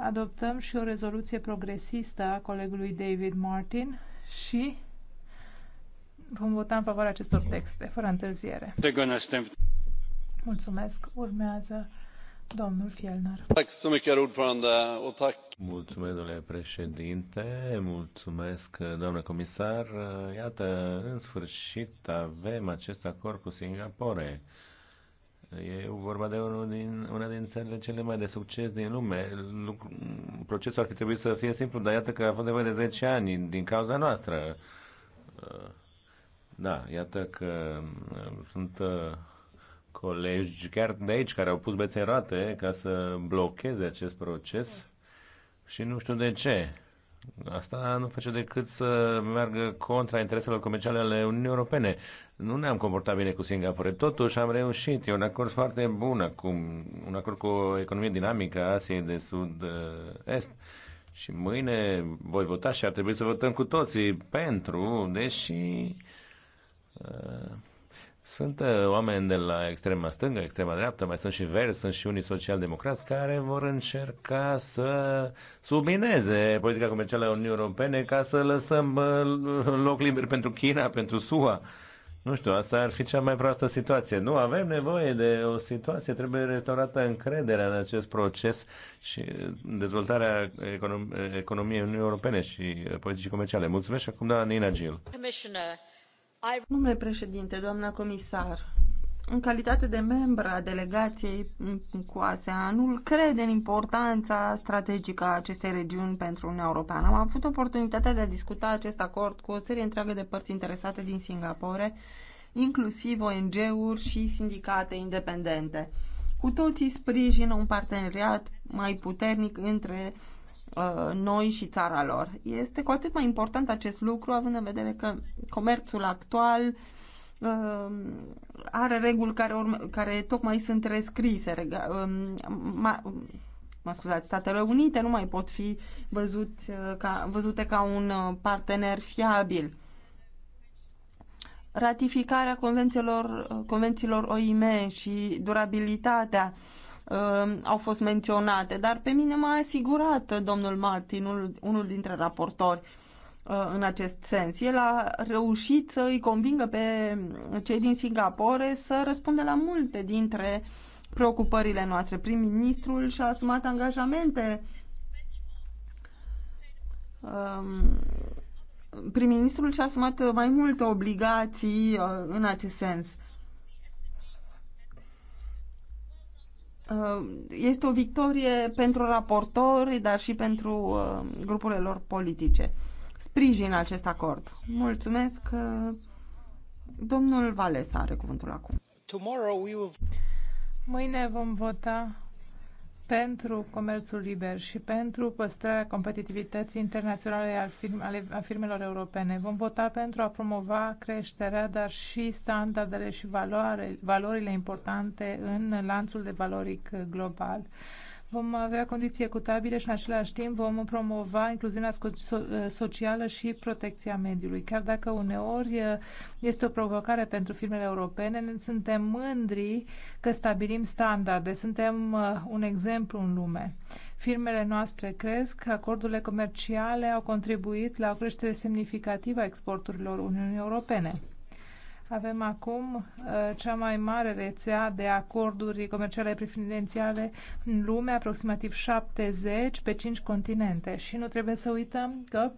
adoptăm și o rezoluție progresistă a colegului David Martin și vom vota în favoarea acestor texte, fără întârziere. Mulțumesc. Urmează domnul Fielner. Mulțumesc, domnule președinte, mulțumesc, doamnă comisar. Iată, în sfârșit avem acest acord cu Singapore E vorba de unul din, una din țările cele mai de succes din lume. Lucru, procesul ar fi trebuit să fie simplu, dar iată că a fost nevoie de 10 ani din cauza noastră. Uh, da, iată că uh, sunt uh, colegi chiar de aici care au pus bețe în rate ca să blocheze acest proces și nu știu de ce. Asta nu face decât să meargă contra intereselor comerciale ale Uniunii Europene. Nu ne-am comportat bine cu Singapore. Totuși am reușit. E un acord foarte bun acum. Un acord cu o economie dinamică a Asiei de Sud-Est. Și mâine voi vota și ar trebui să votăm cu toții pentru, deși... Uh, sunt uh, oameni de la extrema stângă, extrema dreaptă, mai sunt și verzi, sunt și unii social-democrați care vor încerca să submineze politica comercială a Uniunii Europene ca să lăsăm uh, loc liber pentru China, pentru SUA. Nu știu, asta ar fi cea mai proastă situație. Nu avem nevoie de o situație, trebuie restaurată încrederea în acest proces și dezvoltarea econom- economiei Uniunii Europene și uh, politicii comerciale. Mulțumesc și acum, da, Nina Gil. Commissioner. Domnule președinte, doamna comisar, în calitate de membră a delegației cu ASEAN-ul, cred în importanța strategică a acestei regiuni pentru Uniunea Europeană. Am avut oportunitatea de a discuta acest acord cu o serie întreagă de părți interesate din Singapore, inclusiv ONG-uri și sindicate independente. Cu toții sprijină un parteneriat mai puternic între Uh, noi și țara lor. Este cu atât mai important acest lucru, având în vedere că comerțul actual uh, are reguli care, urme, care tocmai sunt rescrise. Um, ma, mă scuzați, Statele Unite nu mai pot fi văzut uh, ca, văzute ca un partener fiabil. Ratificarea convențiilor, convențiilor OIM și durabilitatea uh, Um, au fost menționate, dar pe mine m-a asigurat domnul Martin, unul, unul dintre raportori, uh, în acest sens. El a reușit să îi convingă pe cei din Singapore să răspundă la multe dintre preocupările noastre. Prim-ministrul și-a asumat angajamente um, prim-ministrul și-a asumat mai multe obligații uh, în acest sens. Uh, este o victorie pentru raportori, dar și pentru uh, grupurile lor politice. Sprijin acest acord. Mulțumesc. Uh, domnul Vales are cuvântul acum. Mâine vom vota pentru comerțul liber și pentru păstrarea competitivității internaționale al, firme, ale, a firmelor europene. Vom vota pentru a promova creșterea, dar și standardele și valoare, valorile importante în lanțul de valoric global vom avea condiții ecutabile și în același timp vom promova incluziunea eh, socială și protecția mediului. Chiar dacă uneori eh, este o provocare pentru firmele europene, ne suntem mândri că stabilim standarde, suntem eh, un exemplu în lume. Firmele noastre cresc, acordurile comerciale au contribuit la o creștere semnificativă a exporturilor Uniunii Europene. Avem acum uh, cea mai mare rețea de acorduri comerciale preferențiale în lume, aproximativ 70 pe 5 continente. Și nu trebuie să uităm că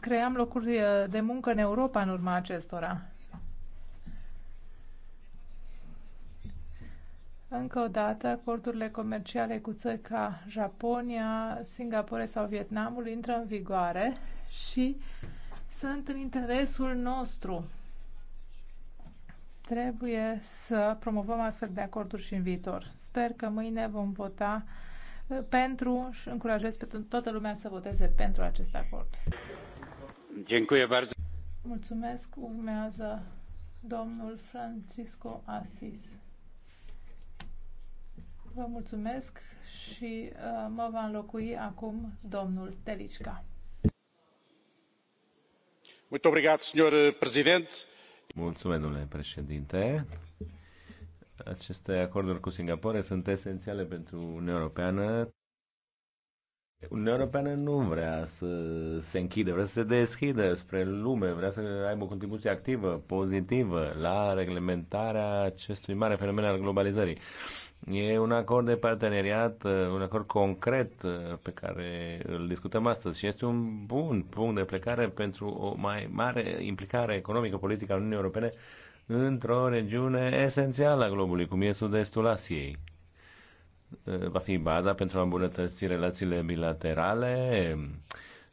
creăm locuri uh, de muncă în Europa în urma acestora. Încă o dată, acordurile comerciale cu țări ca Japonia, Singapore sau Vietnamul intră în vigoare și sunt în interesul nostru Trebuie să promovăm astfel de acorduri și în viitor. Sper că mâine vom vota uh, pentru și încurajez pe toată lumea să voteze pentru acest acord. Mulțumesc. Urmează domnul Francisco Asis. Vă mulțumesc și uh, mă va înlocui acum domnul Telicca. Muito obrigado, senhor presidente. Mulțumesc, domnule președinte. Aceste acorduri cu Singapore sunt esențiale pentru Uniunea Europeană. Uniunea Europeană nu vrea să se închidă, vrea să se deschidă spre lume, vrea să aibă o contribuție activă, pozitivă la reglementarea acestui mare fenomen al globalizării. E un acord de parteneriat, uh, un acord concret uh, pe care îl discutăm astăzi și este un bun punct de plecare pentru o mai mare implicare economică, politică a Uniunii Europene într-o regiune esențială a globului, cum e sud-estul Asiei. Uh, va fi baza pentru a îmbunătăți relațiile bilaterale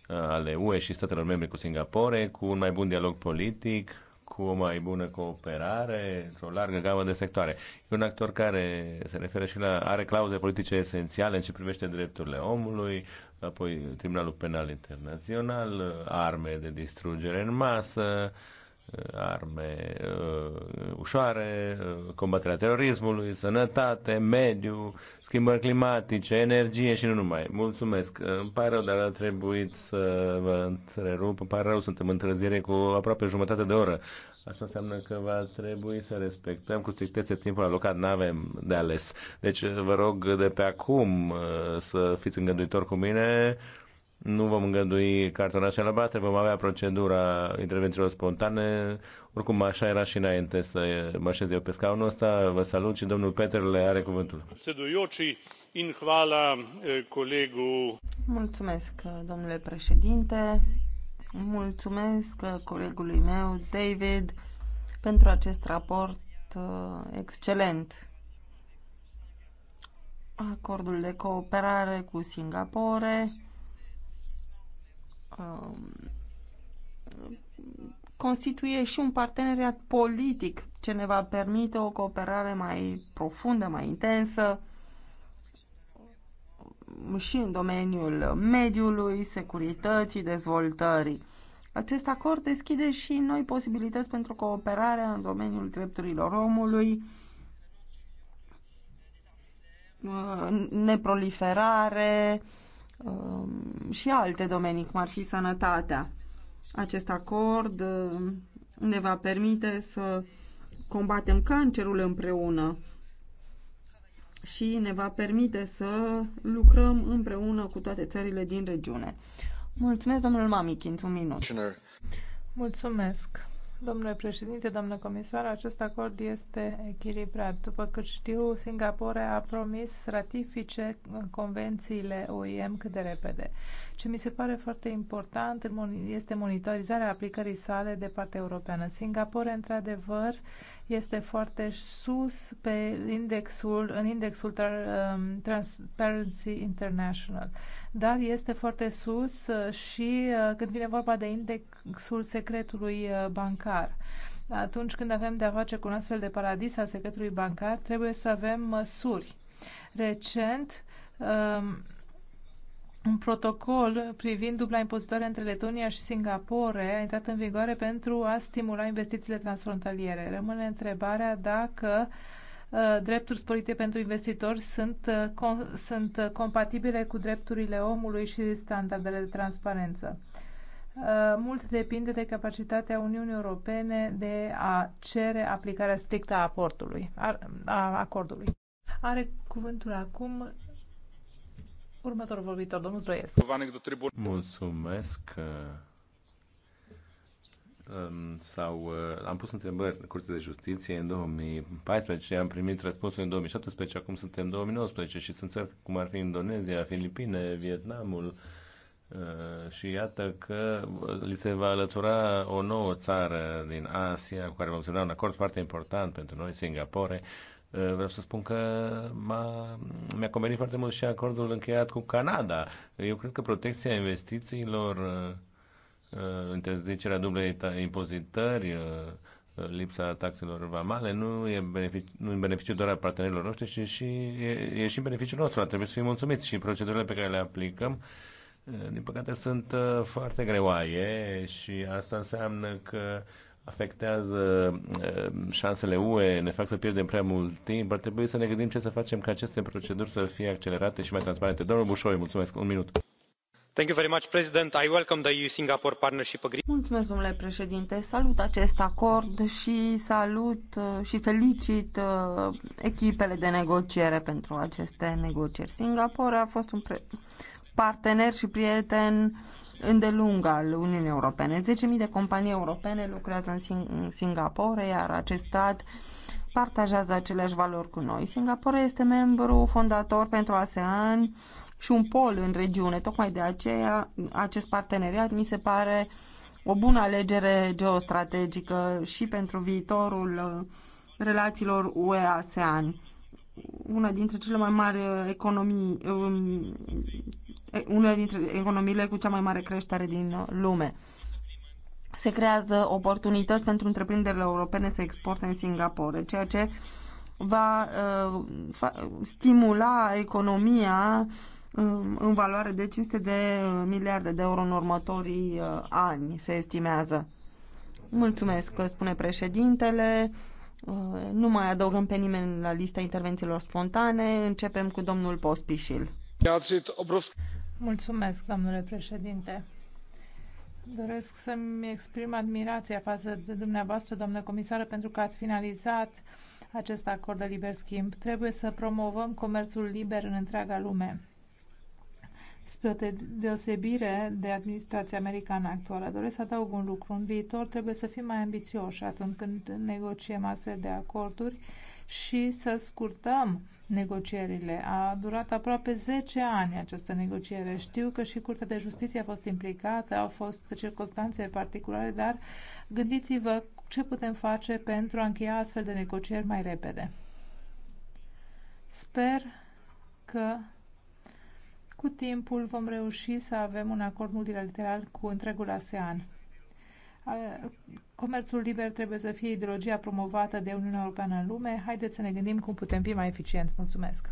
ale UE și statelor membre cu Singapore, cu un mai bun dialog politic, cu o mai bună cooperare într-o largă gamă de sectoare. E un actor care se referă și la, are clauze politice esențiale în ce privește drepturile omului, apoi Tribunalul Penal Internațional, arme de distrugere în masă, uh, Uh, arme uh, ușoare, uh, combaterea terorismului, sănătate, mediu, schimbări climatice, energie și nu numai. Mulțumesc. Uh, îmi pare rău, dar a trebuit să vă întrerup. Îmi pare rău, suntem întârziere cu aproape jumătate de oră. Asta înseamnă că va trebui să respectăm cu strictețe timpul alocat. n avem de ales. Deci uh, vă rog de pe acum să fiți îngăduitori cu mine nu vom îngădui cartonașe la bate, vom avea procedura intervențiilor spontane. Oricum, așa era și înainte să mă așez eu pe scaunul ăsta. Vă salut și domnul Petrele are cuvântul. Eh, Mulțumesc, eh, domnule președinte. Mulțumesc eh, colegului meu, David, pentru acest raport excelent. Acordul de cooperare cu Singapore, Um, constituie și un parteneriat politic ce ne va permite o cooperare mai profundă, mai intensă și în domeniul mediului, securității, dezvoltării. Acest acord deschide și noi posibilități pentru cooperarea în domeniul drepturilor omului, uh, neproliferare, Um, și alte domenii, cum ar fi sănătatea. Acest acord um, ne va permite să combatem cancerul împreună și ne va permite să lucrăm împreună cu toate țările din regiune. Mulțumesc, domnul Mamichin, un minut. Mulțumesc. Domnule președinte, domnule comisar, acest acord este echilibrat. După cât știu, Singapore a promis să ratifice convențiile OIM cât de repede. Ce mi se pare foarte important este monitorizarea aplicării sale de partea europeană. Singapore, într-adevăr, este foarte sus pe indexul, în indexul um, Transparency International, dar este foarte sus uh, și uh, când vine vorba de indexul secretului uh, bancar. Atunci când avem de-a face cu un astfel de paradis al secretului bancar, trebuie să avem măsuri. Recent, um, un protocol privind dubla impozitare între Letonia și Singapore a intrat în vigoare pentru a stimula investițiile transfrontaliere. Rămâne întrebarea dacă uh, drepturi sporite pentru investitori sunt, uh, com, sunt compatibile cu drepturile omului și standardele de transparență. Uh, mult depinde de capacitatea Uniunii Europene de a cere aplicarea strictă a, portului, a, a acordului. Are cuvântul acum Următorul vorbitor, domnul Zdroiesc. Mulțumesc uh, um, sau uh, am pus întrebări în Curtea de Justiție în 2014, am primit răspunsul în 2017, acum suntem în 2019 și sunt țări cum ar fi Indonezia, Filipine, Vietnamul uh, și iată că li se va alătura o nouă țară din Asia cu care vom semna un acord foarte important pentru noi, Singapore, Eh, vreau să spun că mi-a convenit foarte mult și acordul încheiat cu Canada. Eu cred că protecția investițiilor, interzicerea eh, eh, dublei impozitări, lipsa taxelor vamale nu e, benefic, nu e beneficiu doar a partenerilor noștri, ci și, e, e și în beneficiul nostru. Trebuie să fim mulțumiți și procedurile pe care le aplicăm, din păcate, sunt foarte greoaie și asta înseamnă că afectează uh, șansele UE, ne fac să pierdem prea mult timp, ar trebui să ne gândim ce să facem ca aceste proceduri să fie accelerate și mai transparente. Domnul Bușoi, mulțumesc. Un minut. Thank you very much, President. I welcome the EU-Singapore Partnership Agreement. Mulțumesc, domnule președinte. Salut acest acord și salut uh, și felicit uh, echipele de negociere pentru aceste negocieri. Singapore a fost un partener și prieten îndelung al Uniunii Europene. 10.000 de companii europene lucrează în, Sing în Singapore, iar acest stat partajează aceleași valori cu noi. Singapore este membru fondator pentru ASEAN și un pol în regiune. Tocmai de aceea acest parteneriat mi se pare o bună alegere geostrategică și pentru viitorul uh, relațiilor UE-ASEAN una dintre cele mai mari uh, economii, um, una dintre economiile cu cea mai mare creștere din uh, lume. Se creează oportunități pentru întreprinderile europene să exporte în Singapore, ceea ce va uh, stimula economia um, în valoare de 500 de miliarde de euro în următorii ani, se estimează. Mulțumesc, spune președintele. Uh, nu mai adăugăm pe nimeni la lista intervențiilor spontane. Începem cu domnul Pospișil. Mulțumesc, domnule președinte. Doresc să-mi exprim admirația față de dumneavoastră, domnule comisară, pentru că ați finalizat acest acord de liber schimb. Trebuie să promovăm comerțul liber în întreaga lume spre o deosebire de administrația americană actuală. Doresc să adaug un lucru. În viitor trebuie să fim mai ambițioși atunci când negociem astfel de acorduri și să scurtăm negocierile. A durat aproape 10 ani această negociere. Știu că și Curtea de Justiție a fost implicată, au fost circunstanțe particulare, dar gândiți-vă ce putem face pentru a încheia astfel de negocieri mai repede. Sper că cu timpul vom reuși să avem un acord multilateral cu întregul ASEAN. Comerțul liber trebuie să fie ideologia promovată de Uniunea Europeană în lume. Haideți să ne gândim cum putem fi mai eficienți. Mulțumesc!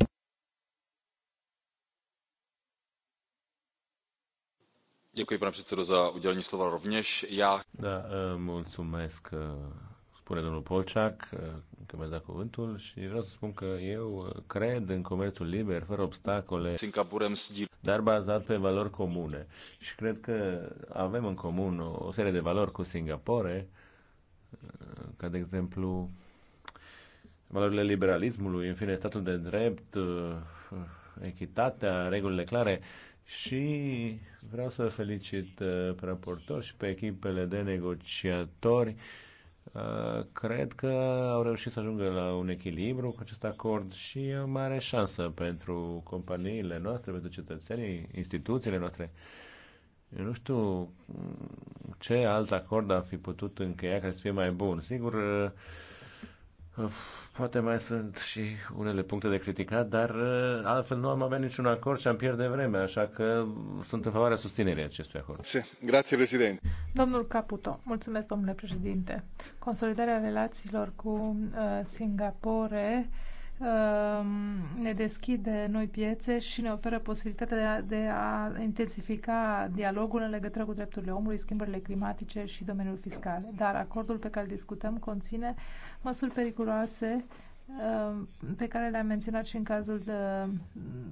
Děkuji, pane předsedo, za udělení slova rovněž. Já... Da, eh, mulțumesc eh, spune domnul Polciac, uh, că mi-a dat cuvântul, și vreau să spun că eu uh, cred în comerțul liber, fără obstacole, dar bazat pe valori comune. Și cred că avem în comun o serie de valori cu Singapore, uh, ca de exemplu valorile liberalismului, în fine, statul de drept, echitatea, regulile clare și vreau să felicit pe raportor și pe echipele de negociatori Uh, cred că au reușit să ajungă la un echilibru cu acest acord și e o mare șansă pentru companiile noastre, pentru cetățenii, instituțiile noastre. Eu nu știu ce alt acord ar fi putut încheia care să fie mai bun. Sigur, uh, Poate mai sunt și unele puncte de criticat, dar uh, altfel nu am avea niciun acord și am pierde vreme, așa că sunt în favoarea susținerii acestui acord. Grazie, președinte. Domnul Caputo, mulțumesc, domnule președinte. Consolidarea relațiilor cu uh, Singapore Ehm, ne deschide noi piețe și ne oferă posibilitatea de a, de a intensifica dialogul în legătură cu drepturile omului, schimbările climatice și domeniul fiscal. Dar acordul pe care îl discutăm conține măsuri periculoase ehm, pe care le-am menționat și în cazul ehm,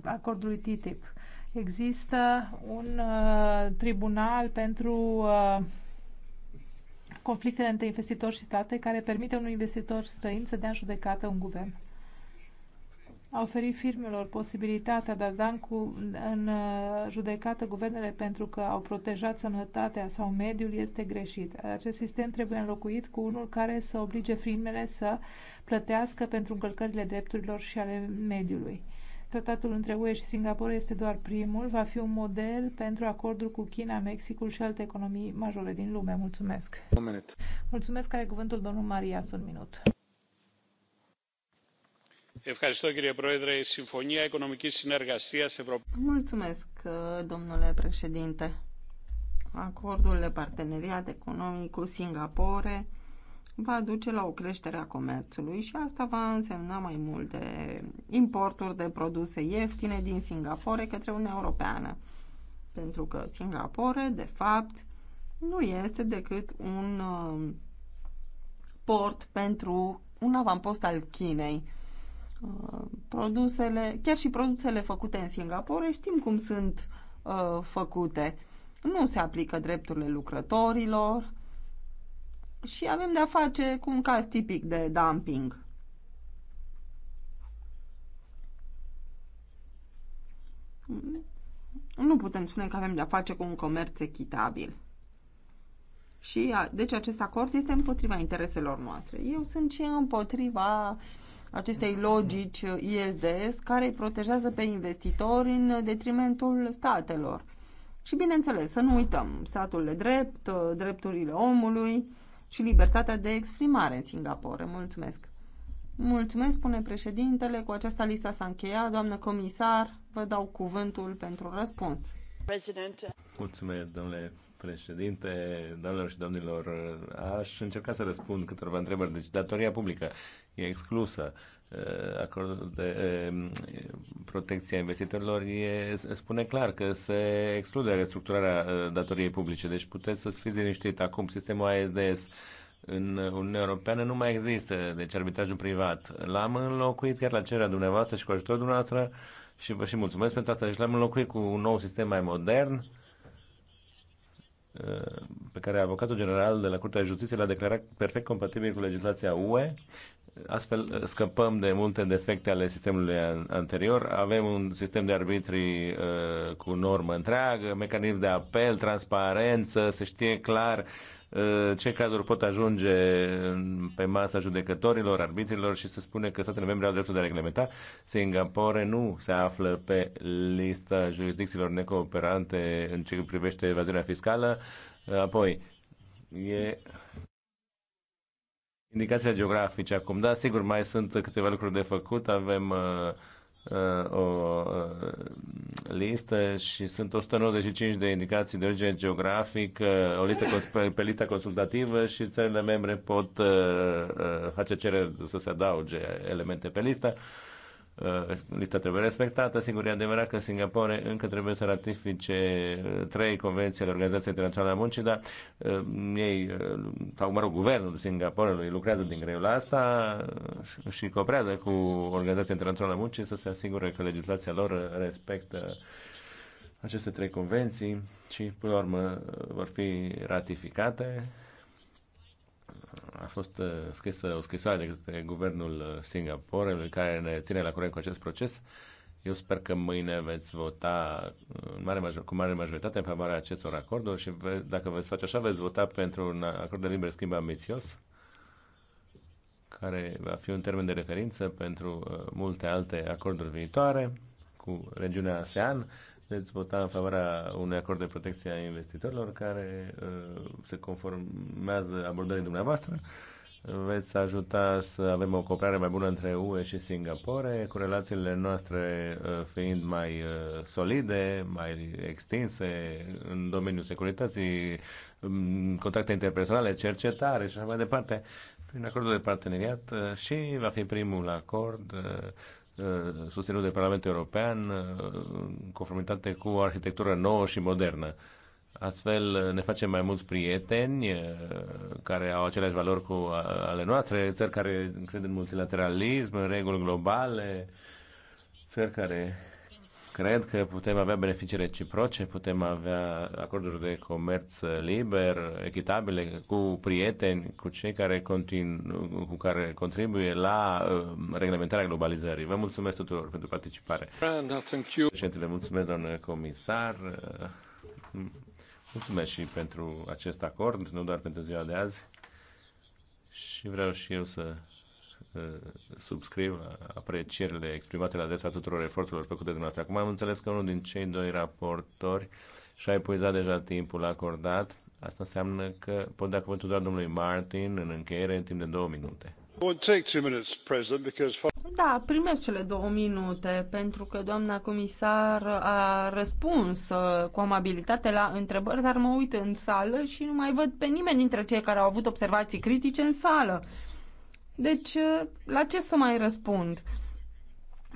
acordului TTIP. Există un tribunal pentru conflictele între investitori și state care permite unui investitor străin să dea în judecată un guvern a oferit firmelor posibilitatea de a da în, cu, în uh, judecată guvernele pentru că au protejat sănătatea sau mediul este greșit. Acest sistem trebuie înlocuit cu unul care să oblige firmele să plătească pentru încălcările drepturilor și ale mediului. Tratatul între UE și Singapore este doar primul, va fi un model pentru acordul cu China, Mexicul și alte economii majore din lume. Mulțumesc! Mulțumesc, care cuvântul domnul Maria, Sunt minut. Mulțumesc, domnule președinte. Acordul de parteneriat economic cu Singapore va duce la o creștere a comerțului și asta va însemna mai multe importuri de produse ieftine din Singapore către Uniunea Europeană. Pentru că Singapore, de fapt, nu este decât un uh, port pentru un avampost al Chinei produsele, chiar și produsele făcute în Singapore, știm cum sunt uh, făcute. Nu se aplică drepturile lucrătorilor și avem de-a face cu un caz tipic de dumping. Nu putem spune că avem de-a face cu un comerț echitabil. Și, deci, acest acord este împotriva intereselor noastre. Eu sunt și împotriva uh, acestei logici ISDS care îi protejează pe investitori în detrimentul statelor. Și bineînțeles, să nu uităm statul de drept, drepturile omului și libertatea de exprimare în Singapore. Mulțumesc! Mulțumesc, spune președintele. Cu aceasta lista s-a încheiat. Doamnă comisar, vă dau cuvântul pentru răspuns. President. Mulțumesc, domnule președinte, doamnelor și domnilor, aș încerca să răspund câteva întrebări. Deci, datoria publică e exclusă. Eh, acordul de eh, protecție a investitorilor e, spune clar că se exclude restructurarea eh, datoriei publice. Deci puteți să fiți liniștit. Acum, sistemul ASDS în Uniunea Europeană nu mai există, deci arbitrajul privat. L-am înlocuit chiar la cererea dumneavoastră și cu ajutorul dumneavoastră și vă și mulțumesc pentru asta. Deci l-am înlocuit cu un nou sistem mai modern pe care avocatul general de la Curtea de Justiție l-a declarat perfect compatibil cu legislația UE. Astfel scăpăm de multe defecte ale sistemului anterior. Avem un sistem de arbitri uh, cu normă întreagă, mecanism de apel, transparență, se știe clar uh, Eh, ce cazuri pot ajunge pe masa judecătorilor, arbitrilor și se spune că statele membre au dreptul de a reglementa. Singapore nu se află pe lista jurisdicțiilor necooperante în ce privește evaziunea fiscală. Eh, apoi, e indicațiile geografice acum. Da, sigur, mai sunt câteva lucruri de făcut. Avem uh, Uh, o uh, listă și sunt 195 de indicații de origine geografică, o listă pe lista consultativă și țările membre pot uh, face cerere să se adauge elemente pe listă. Uh, lista trebuie respectată. Singur, e adevărat că Singapore încă trebuie să ratifice uh, trei convenții ale Organizației Internaționale a Muncii, dar uh, ei, sau mă rog, guvernul Singaporelui lucrează din greu la asta și cooperează cu Organizația Internațională a Muncii să se asigure că legislația lor respectă aceste trei convenții și, până la urmă, vor fi ratificate a fost uh, scrisă o scrisoare de către guvernul uh, Singapore care ne ține la curent cu acest proces. Eu sper că mâine veți vota uh, în mare major, cu mare majoritate în favoarea acestor acorduri și ve, dacă veți face așa, veți vota pentru un acord de liber schimb ambițios, care va fi un termen de referință pentru multe alte acorduri viitoare cu regiunea ASEAN veți vota în favoarea unui acord de protecție a investitorilor care uh, se conformează abordării dumneavoastră. Veți ajuta să avem o cooperare mai bună între UE și Singapore, cu relațiile noastre uh, fiind mai uh, solide, mai extinse în domeniul securității, um, contacte interpersonale, cercetare și așa mai departe, prin acordul de parteneriat uh, și va fi primul acord uh, Uh, susținut de Parlamentul European uh, în conformitate cu o arhitectură nouă și modernă. Astfel uh, ne facem mai mulți prieteni care au aceleași valori cu ale noastre, țări care cred în multilateralism, în reguli globale, țări care Cred că putem avea beneficii reciproce, putem avea acorduri de comerț liber, echitabile, cu prieteni, cu cei care, continu, cu care contribuie la uh, reglementarea globalizării. Vă mulțumesc tuturor pentru participare. Uh, Președintele, mulțumesc, doamnă comisar. Uh, mulțumesc și pentru acest acord, nu doar pentru ziua de azi. Și vreau și eu să Uh, subscriu la aprecierile exprimate la adresa tuturor eforturilor făcute de dumneavoastră. Acum am înțeles că unul din cei doi raportori și-a epuizat deja timpul acordat. Asta înseamnă că pot da cuvântul doar domnului Martin în încheiere în timp de două minute. Da, primesc cele două minute, pentru că doamna comisar a răspuns uh, cu amabilitate la întrebări, dar mă uit în sală și nu mai văd pe nimeni dintre cei care au avut observații critice în sală. Deci, uh, la ce să mai răspund?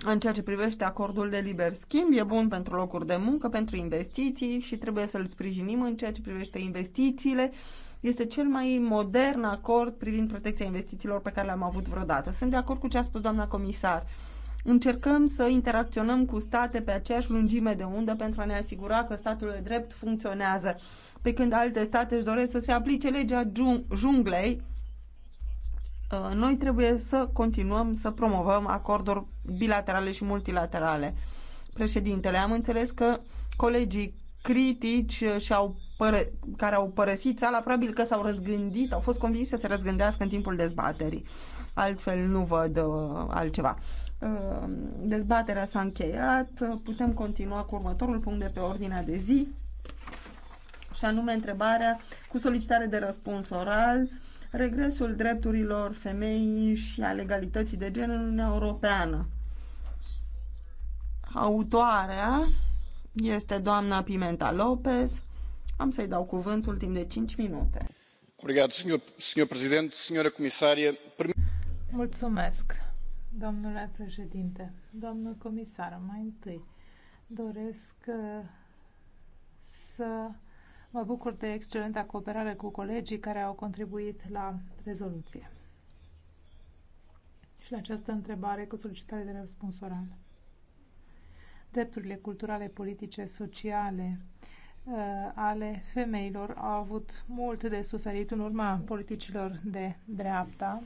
În ceea ce privește acordul de liber schimb, e bun pentru locuri de muncă, pentru investiții și trebuie să-l sprijinim în ceea ce privește investițiile. Este cel mai modern acord privind protecția investițiilor pe care le-am avut vreodată. Sunt de acord cu ce a spus doamna comisar. Încercăm să interacționăm cu state pe aceeași lungime de undă pentru a ne asigura că statul de drept funcționează, pe când alte state își doresc să se aplice legea junglei Uh, noi trebuie să continuăm să promovăm acorduri bilaterale și multilaterale. Președintele, am înțeles că colegii critici uh, și au pără, care au părăsit țara, probabil că s-au răzgândit, au fost convinși să se răzgândească în timpul dezbaterii. Altfel nu văd uh, altceva. Uh, dezbaterea s-a încheiat, uh, putem continua cu următorul punct de pe ordinea de zi și anume întrebarea cu solicitare de răspuns oral regresul drepturilor femeii și a legalității de gen în Uniunea Europeană. Autoarea este doamna Pimenta Lopez. Am să-i dau cuvântul timp de 5 minute. Mulțumesc, domnule președinte. Doamnă comisară, mai întâi doresc uh, să Mă bucur de excelenta cooperare cu colegii care au contribuit la rezoluție și la această întrebare cu solicitare de răspuns oral. Drepturile culturale, politice, sociale uh, ale femeilor au avut mult de suferit în urma politicilor de dreapta.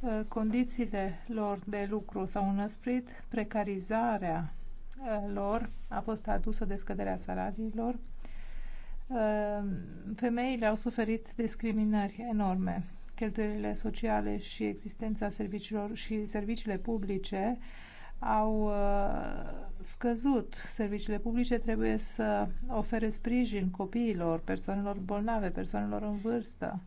Uh, condițiile lor de lucru s-au înăsprit, precarizarea uh, lor a fost adusă de scăderea salariilor, Ehm, femeile au suferit discriminări enorme. Cheltuielile sociale și existența serviciilor și serviciile publice au ehm, scăzut. Serviciile publice trebuie să ofere sprijin copiilor, persoanelor bolnave, persoanelor în vârstă.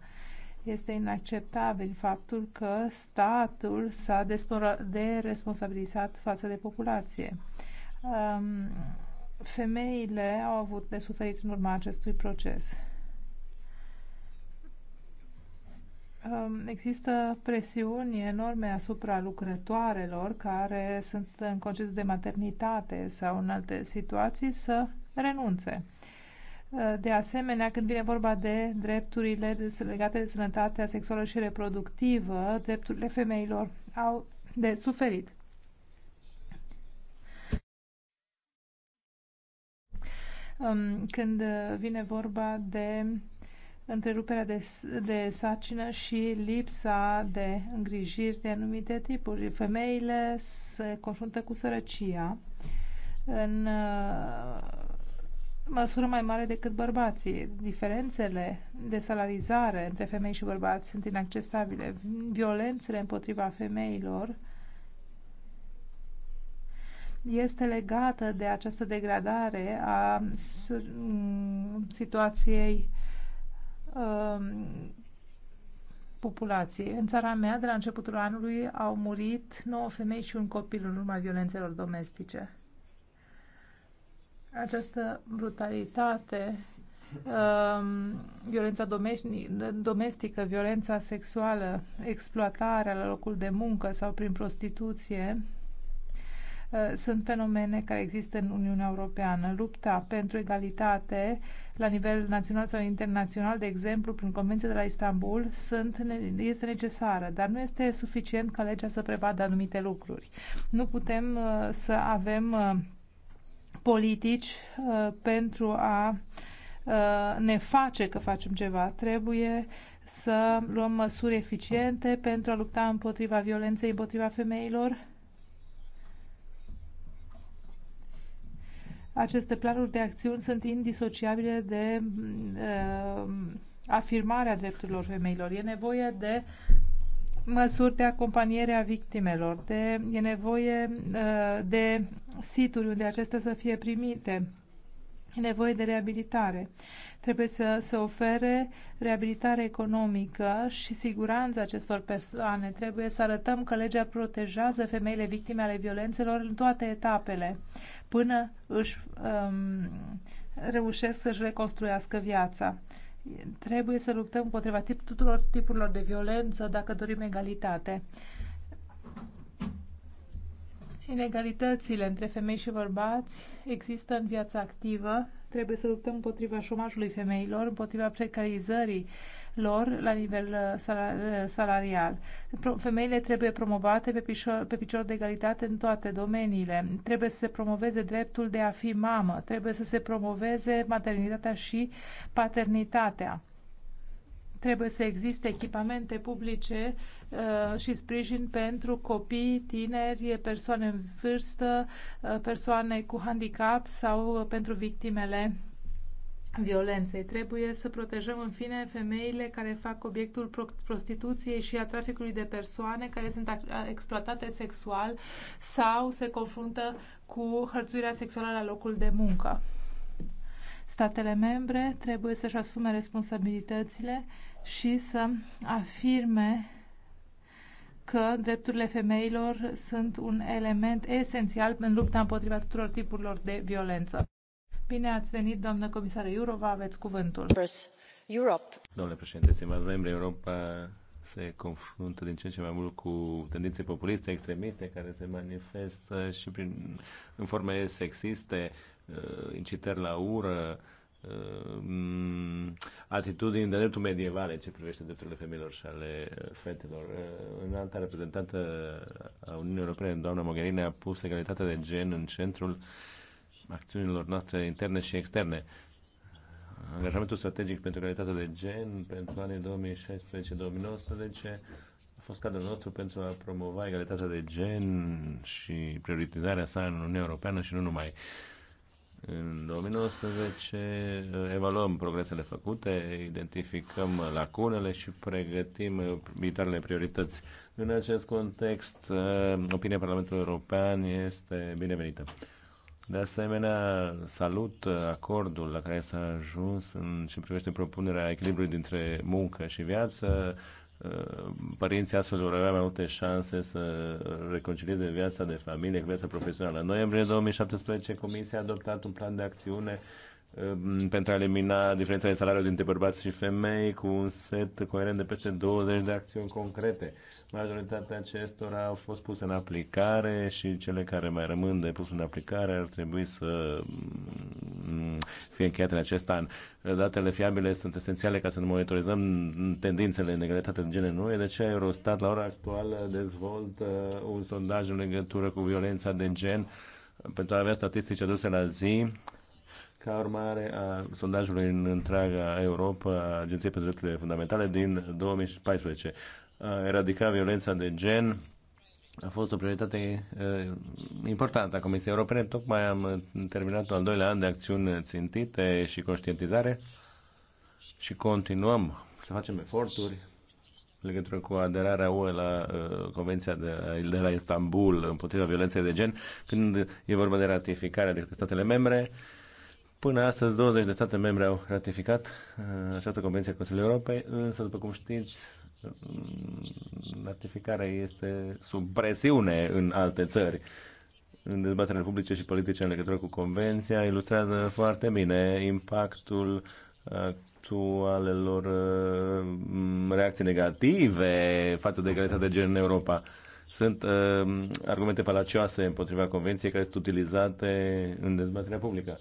Este inacceptabil faptul că statul s-a deresponsabilizat față de populație. Um, femeile au avut de suferit în urma acestui proces. Um, există presiuni enorme asupra lucrătoarelor care sunt în concediu de maternitate sau în alte situații să renunțe. Uh, de asemenea, când vine vorba de drepturile legate de sănătatea sexuală și reproductivă, drepturile femeilor au de suferit. Um, când uh, vine vorba de întreruperea de, de sarcină și lipsa de îngrijiri de anumite tipuri. Femeile se confruntă cu sărăcia în uh, măsură mai mare decât bărbații. Diferențele de salarizare între femei și bărbați sunt inacceptabile. Violențele împotriva femeilor este legată de această degradare a situației um, populației. În țara mea, de la începutul anului, au murit 9 femei și un copil în urma violențelor domestice. Această brutalitate, um, violența domestică, violența sexuală, exploatarea la locul de muncă sau prin prostituție, Uh, sunt fenomene care există în Uniunea Europeană. Lupta pentru egalitate la nivel național sau internațional, de exemplu, prin Convenția de la Istanbul, sunt, este necesară, dar nu este suficient ca legea să prevadă anumite lucruri. Nu putem uh, să avem uh, politici pentru a ne face că facem ceva. Trebuie să luăm măsuri eficiente pentru a lupta împotriva violenței împotriva femeilor, Aceste planuri de acțiuni sunt indisociabile de uh, afirmarea drepturilor femeilor. E nevoie de măsuri de acompaniere a victimelor, de, e nevoie uh, de situri unde acestea să fie primite nevoie de reabilitare. Trebuie să se ofere reabilitare economică și siguranța acestor persoane. Trebuie să arătăm că legea protejează femeile victime ale violențelor în toate etapele, până își um, reușesc să-și reconstruiască viața. Trebuie să luptăm împotriva tip, tuturor tipurilor de violență dacă dorim egalitate. Inegalitățile între femei și bărbați există în viața activă. Trebuie să luptăm împotriva șomajului femeilor, împotriva precarizării lor la nivel uh, uh, salarial. Femeile trebuie promovate pe picior, pe picior de egalitate în toate domeniile. Trebuie să se promoveze dreptul de a fi mamă. Trebuie să se promoveze maternitatea și paternitatea Trebuie să existe echipamente publice uh, și sprijin pentru copii, tineri, persoane în vârstă, uh, persoane cu handicap sau uh, pentru victimele violenței. Trebuie să protejăm, în fine, femeile care fac obiectul prostituției și a traficului de persoane, care sunt exploatate sexual sau se confruntă cu hărțuirea sexuală la locul de muncă. Statele membre trebuie să-și asume responsabilitățile și să afirme că drepturile femeilor sunt un element esențial în lupta împotriva tuturor tipurilor de violență. Bine ați venit, doamnă comisară Iurova, aveți cuvântul. Europe. Domnule președinte, stimați membri, Europa se confruntă din ce în ce mai mult cu tendințe populiste, extremiste, care se manifestă și prin, în forme sexiste, uh, incitări la ură, Ehm, atitudini de dreptul medievale ce privește drepturile femeilor și ale eh, fetelor. Eh, în alta reprezentantă a Uniunii Europene, doamna Mogherini, a pus egalitatea de gen în centrul acțiunilor noastre interne și externe. Angajamentul strategic pentru egalitatea de gen pentru anii 2016-2019 a fost cadrul nostru pentru a promova egalitatea de gen și prioritizarea sa în Uniunea Europeană și nu numai. Uh, în 2019 uh, evaluăm progresele făcute, identificăm lacunele și pregătim uh, viitoarele priorități. În acest context, uh, opinia Parlamentului European este binevenită. De asemenea, salut acordul la care s-a ajuns în ce privește propunerea echilibrului dintre muncă și viață, Uh, părinții astfel vor avea mai multe șanse să reconcilieze viața de familie cu viața profesională. În noiembrie 2017, Comisia a adoptat un plan de acțiune Ehm, pentru a elimina diferența de salariu dintre bărbați și femei cu un set coerent de peste 20 de acțiuni concrete. Majoritatea acestora au fost puse în aplicare și cele care mai rămân de pus în aplicare ar trebui să mm, fie încheiate în acest an. Datele fiabile sunt esențiale ca să ne monitorizăm tendințele în egalitate de gen noi, de ce Eurostat la ora actuală dezvoltă un sondaj în legătură cu violența de gen pentru a avea statistici aduse la zi ca urmare a sondajului în întreaga Europa, Agenția pentru Drepturile Fundamentale din 2014, a eradica violența de gen a fost o prioritate uh, importantă a Comisiei Europene. Tocmai am terminat al doilea an de acțiuni țintite și conștientizare și continuăm să facem eforturi legătură cu aderarea UE la uh, Convenția de, de la Istanbul împotriva violenței de gen, când e vorba de ratificarea de statele membre. Uh, Până astăzi, 20 de state membre au ratificat uh, această convenție a Consiliului Europei, însă, după cum știți, um, ratificarea este sub presiune în alte țări. În dezbaterea publice și politice în legătură cu convenția, ilustrează foarte bine impactul actualelor uh, reacții negative față de egalitatea de gen în Europa. Sunt uh, argumente falacioase împotriva convenției care sunt utilizate în dezbaterea publică.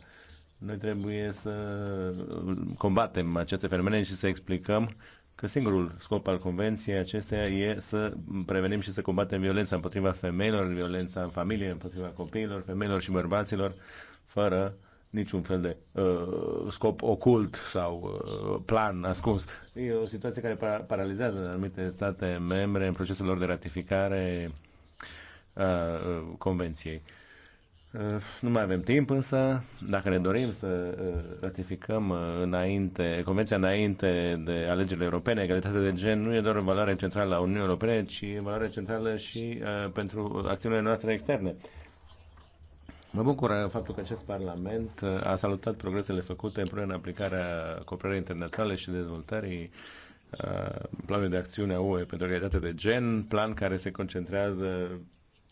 Noi trebuie să combatem aceste fenomene și să explicăm că singurul scop al convenției acesteia e să prevenim și să combatem violența împotriva femeilor, violența în familie, împotriva copiilor, femeilor și bărbaților, fără niciun fel de uh, scop ocult sau uh, plan ascuns. E o situație care para- paralizează anumite state membre în procesul lor de ratificare a uh, convenției. Uh, Eh, nu mai avem timp, însă dacă ne dorim să eh, ratificăm eh, înainte, convenția înainte de alegerile europene, egalitatea de gen nu e doar o valoare centrală a Uniunii Europene, ci e valoare centrală și uh, pentru acțiunile noastre externe. Mă bucură faptul că acest Parlament a salutat progresele făcute în în aplicarea cooperării internaționale și dezvoltării planului de acțiune a UE pentru egalitatea de gen, plan care se concentrează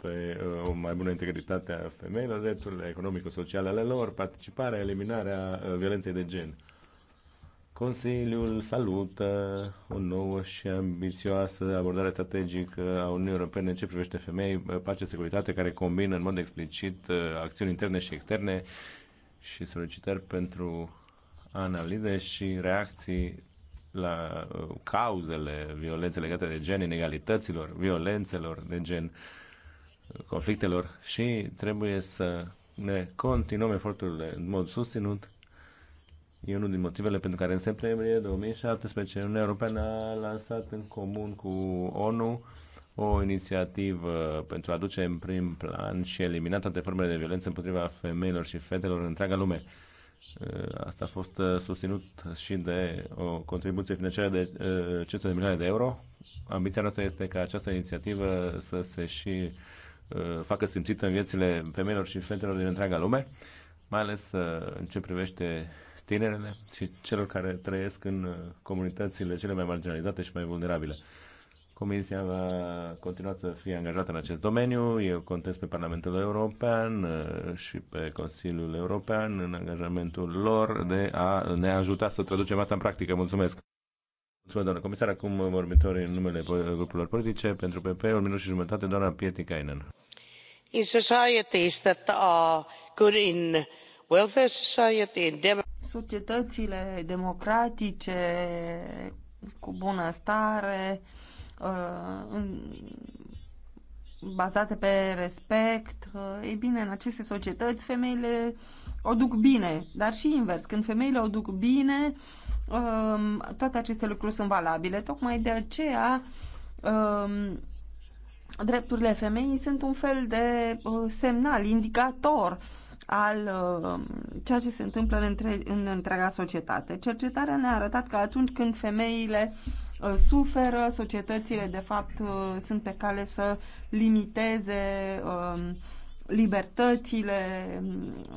pe uh, o mai bună integritate a femeilor, drepturile economico-sociale ale lor, participarea, eliminarea uh, violenței de gen. Consiliul salută o nouă și ambițioasă abordare strategică a Uniunii Europene în ce privește femei, uh, pace, securitate, care combină în mod explicit acțiuni interne și externe și solicitări pentru analize și reacții la cauzele violenței legate de gen, inegalităților, violențelor de gen. Uh, conflictelor și trebuie să ne continuăm eforturile în mod susținut. E unul din motivele pentru care în septembrie 2017 Uniunea Europeană a lansat în comun cu ONU o inițiativă pentru a aduce în prim plan și elimina toate formele de violență împotriva femeilor și fetelor în întreaga lume. Uh, asta a fost uh, susținut și de o contribuție financiară de 500 uh, de milioane de euro. Ambiția noastră este ca această inițiativă să se și Uh, facă simțită în viețile femeilor și fetelor din întreaga lume, mai ales uh, în ce privește tinerele și celor care trăiesc în uh, comunitățile cele mai marginalizate și mai vulnerabile. Comisia va continua să fie angajată în acest domeniu. Eu contez pe Parlamentul European și pe Consiliul European în angajamentul lor de a ne ajuta să traducem asta în practică. Mulțumesc! Mulțumesc, doamnă comisar. Acum vorbitorii în numele grupurilor politice. Pentru PP, un minut și jumătate, doamna Pietikainen. In societies that are good in welfare society, in Societățile democratice cu bună stare, uh, bazate pe respect. Uh, Ei bine, în aceste societăți femeile o duc bine, dar și invers. Când femeile o duc bine, Um, toate aceste lucruri sunt valabile. Tocmai de aceea um, drepturile femeii sunt un fel de uh, semnal, indicator al um, ceea ce se întâmplă în, întreaga societate. Cercetarea ne-a arătat că atunci când femeile uh, suferă, societățile de fapt uh, sunt pe cale să limiteze libertățile,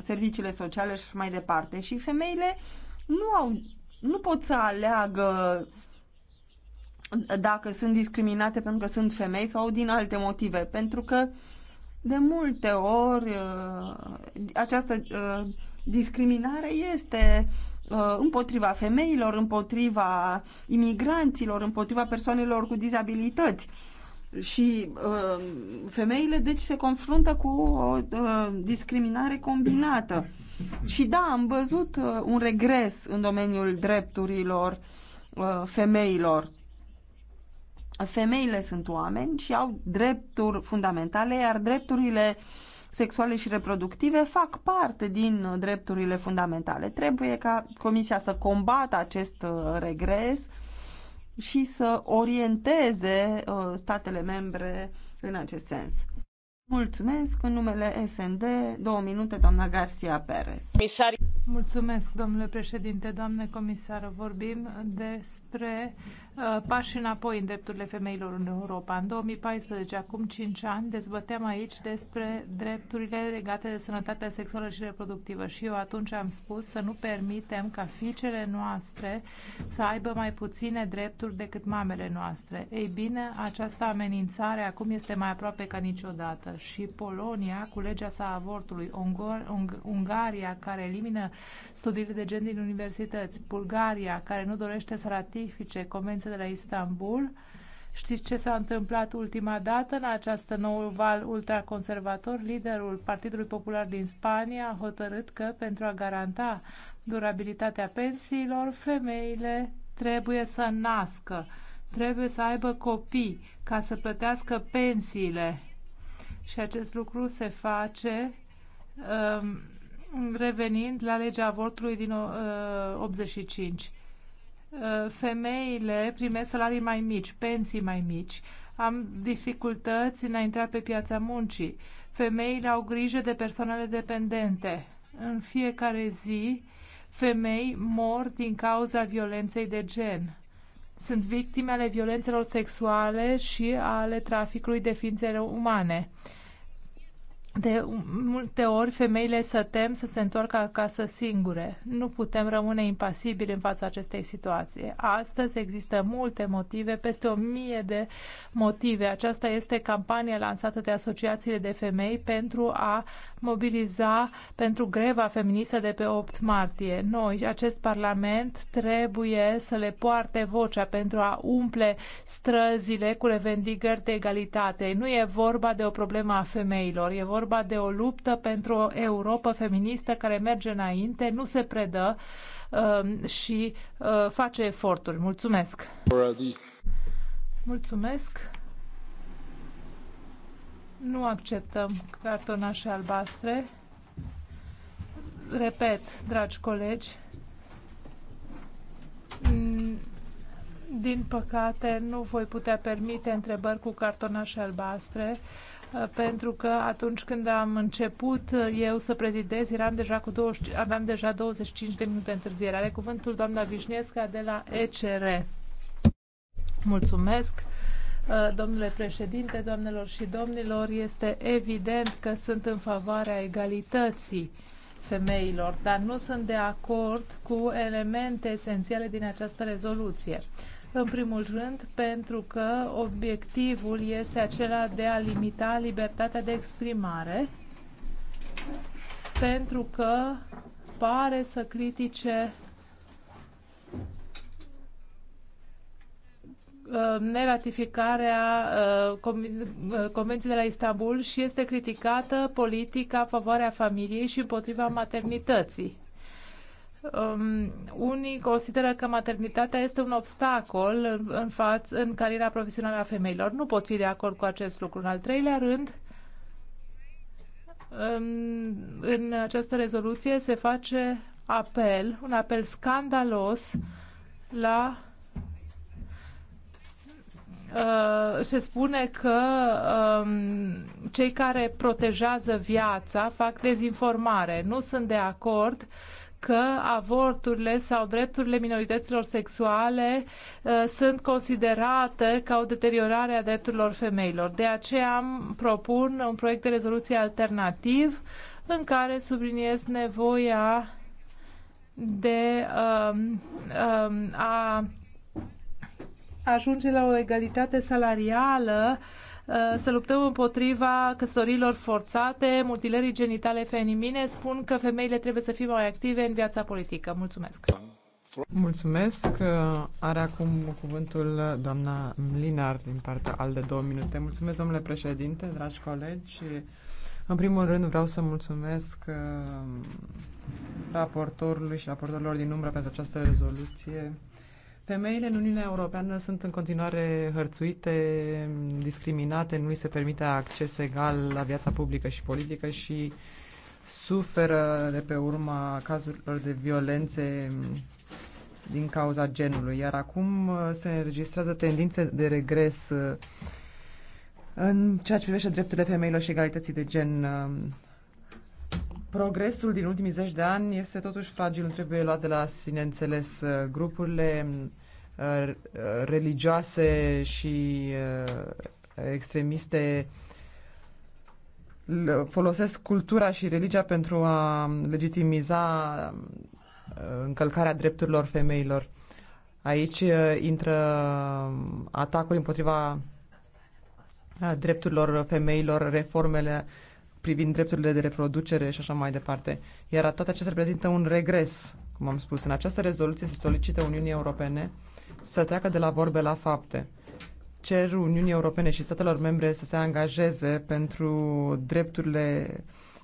serviciile sociale și mai departe. Și femeile nu au nu pot să aleagă dacă sunt discriminate pentru că sunt femei sau din alte motive, pentru că de multe ori uh, această uh, discriminare este uh, împotriva femeilor, împotriva imigranților, împotriva persoanelor cu dizabilități. Și femeile, deci, se confruntă cu o discriminare combinată și da, am văzut uh, un regres în domeniul drepturilor uh, femeilor. Femeile sunt oameni și au drepturi fundamentale, iar drepturile sexuale și reproductive fac parte din uh, drepturile fundamentale. Trebuie ca Comisia să combată acest regres și să orienteze statele membre în acest sens. Mulțumesc. În numele SND, două minute, doamna Garcia Perez. Comisar. Mulțumesc, domnule președinte, doamne comisară. Vorbim despre Uh, pași înapoi în drepturile femeilor în Europa. În 2014, acum 5 ani, dezbăteam aici despre drepturile legate de sănătatea sexuală și reproductivă și eu atunci am spus să nu permitem ca fiicele noastre să aibă mai puține drepturi decât mamele noastre. Ei bine, această amenințare acum este mai aproape ca niciodată și Polonia, cu legea sa avortului, Ungor, Ung Ungaria, care elimină studiile de gen din universități, Bulgaria, care nu dorește să ratifice convenția de la Istanbul. Știți ce s-a întâmplat ultima dată în această nouă val ultraconservator? Liderul Partidului Popular din Spania a hotărât că pentru a garanta durabilitatea pensiilor, femeile trebuie să nască, trebuie să aibă copii ca să plătească pensiile. Și acest lucru se face um, revenind la legea avortului din uh, 85 Uh, femeile primesc salarii mai mici, pensii mai mici, am dificultăți în a intra pe piața muncii, femeile au grijă de persoanele dependente. În fiecare zi, femei mor din cauza violenței de gen. Sunt victime ale violențelor sexuale și ale traficului de ființe umane. De multe ori femeile se tem să se întoarcă acasă singure. Nu putem rămâne impasibili în fața acestei situații. Astăzi există multe motive, peste o mie de motive. Aceasta este campania lansată de asociațiile de femei pentru a mobiliza pentru greva feministă de pe 8 martie. Noi, acest parlament, trebuie să le poarte vocea pentru a umple străzile cu revendicări de egalitate. Nu e vorba de o problemă a femeilor, e vorba vorba de o luptă pentru o Europa feministă care merge înainte, nu se predă uh, și uh, face eforturi. Mulțumesc! Mulțumesc! Nu acceptăm cartonașe albastre. Repet, dragi colegi, din păcate, nu voi putea permite întrebări cu cartonașe albastre pentru că atunci când am început eh, eu să prezidez, eram deja cu 20, aveam deja 25 de minute întârziere. Are cuvântul doamna Vișniesca de la ECR. Mulțumesc. Eh, domnule președinte, doamnelor și domnilor, este evident că sunt în favoarea egalității femeilor, dar nu sunt de acord cu elemente esențiale din această rezoluție. În primul rând, pentru că obiectivul este acela de a limita libertatea de exprimare, pentru că pare să critique uh, neratificarea uh, uh, Convenției de la Istanbul și este criticată politica favoarea familiei și împotriva maternității. Um, unii consideră că maternitatea este un obstacol în, în, faț, în cariera profesională a femeilor. Nu pot fi de acord cu acest lucru. În al treilea rând, um, în această rezoluție se face apel, un apel scandalos la Uh, se spune că um, cei care protejează viața fac dezinformare. Nu sunt de acord că avorturile sau drepturile minorităților sexuale uh, sunt considerate ca o deteriorare a drepturilor femeilor. De aceea am propun un proiect de rezoluție alternativ în care subliniez nevoia de um, um, a ajunge la o egalitate salarială uh, Uh, să luptăm împotriva căsătorilor forțate, mutilării genitale feminine. Spun că femeile trebuie să fie mai active în viața politică. Mulțumesc! Mulțumesc! Uh, are acum cuvântul doamna Mlinar din partea al de două minute. Mulțumesc, domnule președinte, dragi colegi! În primul rând vreau să mulțumesc uh, raportorului și raportorilor din umbră pentru această rezoluție Femeile în Uniunea Europeană sunt în continuare hărțuite, discriminate, nu îi se permite acces egal la viața publică și politică și suferă de pe urma cazurilor de violențe din cauza genului. Iar acum uh, se înregistrează tendințe de regres uh, în ceea ce privește drepturile femeilor și egalității de gen. Uh, Progresul din ultimii zeci de ani este totuși fragil, nu trebuie luat de la sine înțeles. Grupurile uh, religioase și uh, extremiste folosesc cultura și religia pentru a legitimiza uh, încălcarea drepturilor femeilor. Aici intră um, atacuri împotriva drepturilor femeilor, reformele uh, privind drepturile de reproducere și așa mai departe. Iar toate acestea reprezintă un regres, cum am spus. În această rezoluție se solicită Uniunii Europene să treacă de la vorbe la fapte. Cer Uniunii Europene și statelor membre să se angajeze pentru drepturile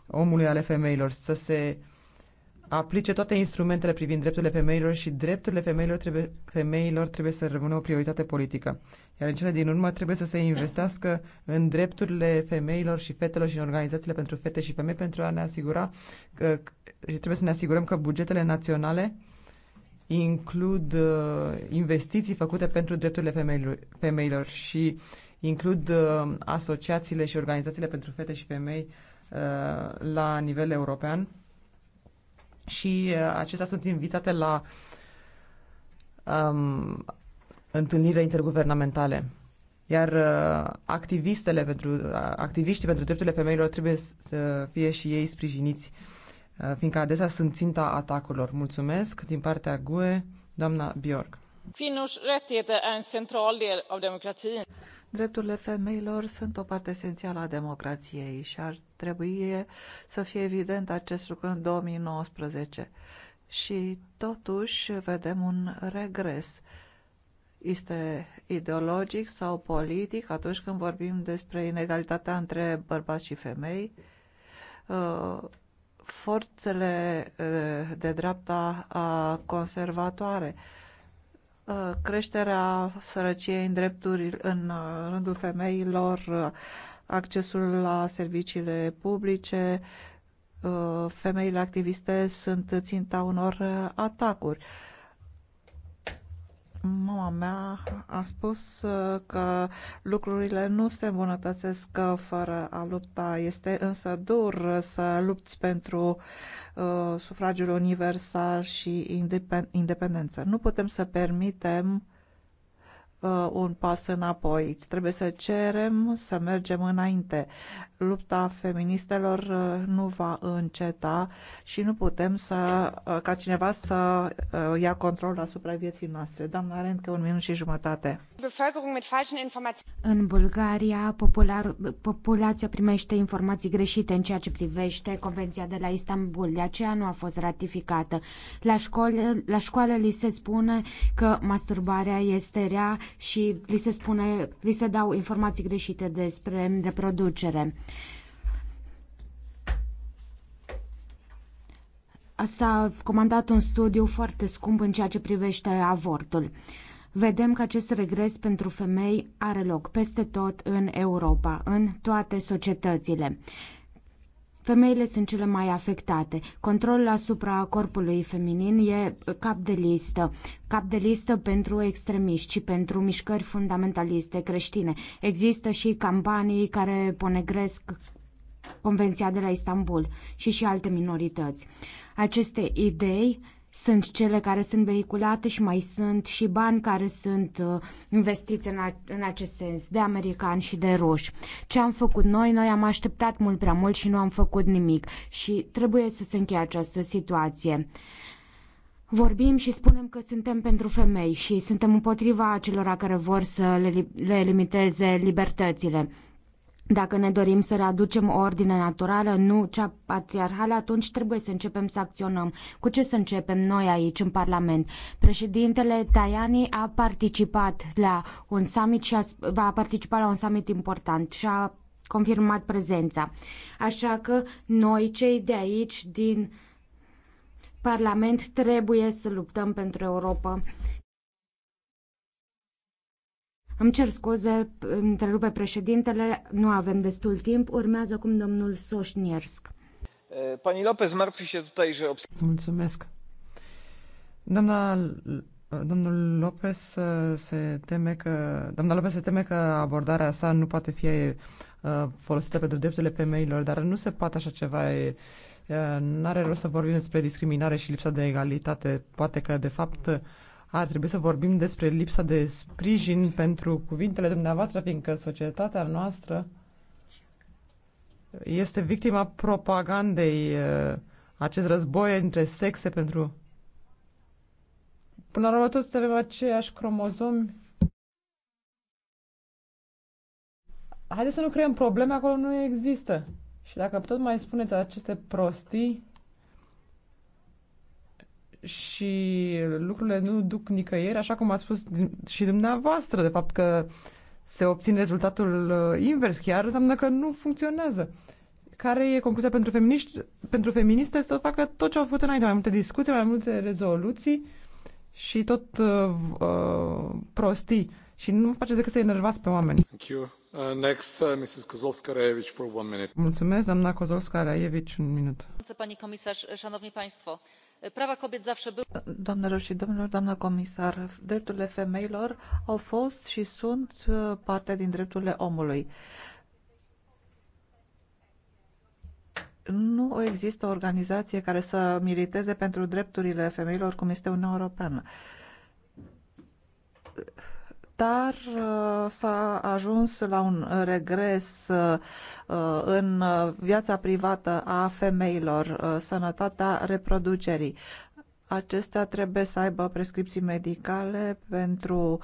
omului ale femeilor, să se uh, aplice toate instrumentele privind drepturile femeilor și drepturile femeilor trebuie, femeilor trebuie să rămână o prioritate politică. Iar în cele din urmă trebuie să se investească în drepturile femeilor și fetelor și în organizațiile pentru fete și femei pentru a ne asigura că, și trebuie să ne asigurăm că bugetele naționale includ uh, investiții făcute pentru drepturile femeilor, femeilor și includ uh, asociațiile și organizațiile pentru fete și femei uh, la nivel european și uh, acestea sunt invitate la um, întâlnire interguvernamentale. Iar uh, activistele pentru, uh, activiștii pentru drepturile femeilor trebuie să fie și ei sprijiniți, uh, fiindcă adesea sunt ținta atacurilor. Mulțumesc din partea GUE, doamna Bjork. Kvinnors rättigheter är en central del av demokratin. Drepturile femeilor sunt o parte esențială a democrației și ar trebui să fie evident acest lucru în 2019. Și totuși vedem un regres. Este ideologic sau politic atunci când vorbim despre inegalitatea între bărbați și femei. Uh, forțele uh, de dreapta conservatoare Uh, creșterea sărăciei în drepturi în uh, rândul femeilor, uh, accesul la serviciile publice, femeile activiste sunt ținta unor atacuri. Mama mea a spus uh, că lucrurile nu se îmbunătățesc uh, fără a lupta. Este însă dur uh, să lupți pentru uh, sufragiul universal și independ independență. Nu putem să permitem uh, un pas înapoi. Trebuie să cerem să mergem înainte lupta feministelor uh, nu va înceta și nu putem să, uh, ca cineva să uh, ia controlul asupra vieții noastre. Doamna că un minut și jumătate. În Bulgaria, popular, populația primește informații greșite în ceea ce privește Convenția de la Istanbul, de aceea nu a fost ratificată. La școală, la școală li se spune că masturbarea este rea și li se, spune, li se dau informații greșite despre reproducere. S-a comandat un studiu foarte scump în ceea ce privește avortul. Vedem că acest regres pentru femei are loc peste tot în Europa, în toate societățile. Femeile sunt cele mai afectate. Controlul asupra corpului feminin e cap de listă. Cap de listă pentru extremiști și pentru mișcări fundamentaliste creștine. Există și campanii care ponegresc Convenția de la Istanbul și și alte minorități. Aceste idei sunt cele care sunt vehiculate și mai sunt și bani care sunt uh, investiți în, a, în acest sens de americani și de ruși. Ce am făcut noi? Noi am așteptat mult prea mult și nu am făcut nimic și trebuie să se încheie această situație. Vorbim și spunem că suntem pentru femei și suntem împotriva celor care vor să le, le limiteze libertățile. Dacă ne dorim să readucem o ordine naturală, nu cea patriarhală, atunci trebuie să începem să acționăm. Cu ce să începem noi aici, în Parlament? Președintele Tajani a participat la un summit și a, va participa la un summit important și a confirmat prezența. Așa că noi, cei de aici, din Parlament, trebuie să luptăm pentru Europa. Îmi cer scuze, întrerupe președintele, nu avem destul timp. Urmează acum domnul Soșniersc. Pani Lopez martwi și tutaj, że... Mulțumesc. Doamna, domnul Lopez se teme că, doamna Lopez se teme că abordarea sa nu poate fi folosită pentru drepturile femeilor, dar nu se poate așa ceva. n-are rost să vorbim despre discriminare și lipsa de egalitate. Poate că, de fapt, ar trebui să vorbim despre lipsa de sprijin pentru cuvintele dumneavoastră, fiindcă societatea noastră este victima propagandei, uh, acest război între sexe pentru... Până la urmă, toți avem aceiași cromozomi. Haideți să nu creăm probleme acolo nu există. Și dacă tot mai spuneți aceste prostii, și lucrurile nu duc nicăieri, așa cum a spus și dumneavoastră, de fapt că se obține rezultatul uh, invers chiar, înseamnă că nu funcționează. Care e concluzia pentru feministe? Pentru feministe să facă tot ce au făcut înainte, mai multe discuții, mai multe rezoluții și tot uh, uh prostii. Și nu face decât să enervați pe oameni. Thank you. Uh, next, uh, Mrs. Kozlovska Rajewicz for one minute. Mulțumesc, doamna Kozlovska Rajewicz, un minut. Pani comisar, șanovni państwo, Prawa kobiet zawsze były. Doamnelor și domnilor, doamnă comisar, drepturile femeilor au fost și sunt uh, parte din drepturile omului. nu există o organizație care să militeze pentru drepturile femeilor cum este Uniunea Europeană dar uh, s-a ajuns la un regres uh, în viața privată a femeilor, uh, sănătatea reproducerii. Acestea trebuie să aibă prescripții medicale pentru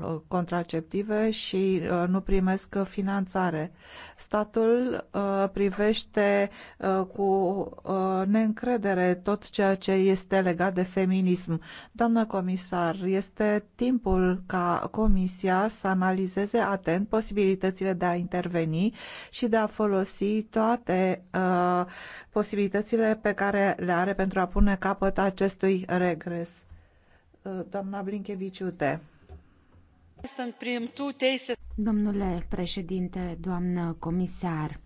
Uh, contraceptive și uh, nu primesc finanțare. Statul uh, privește cu neîncredere tot ceea ce este legat de feminism. Doamnă comisar, este timpul ca Comisia să analizeze atent posibilitățile de a interveni și de a folosi toate posibilitățile pe care le are pentru a pune capăt acestui regres. Doamna Blinkeviciute. Domnule președinte, doamnă comisar,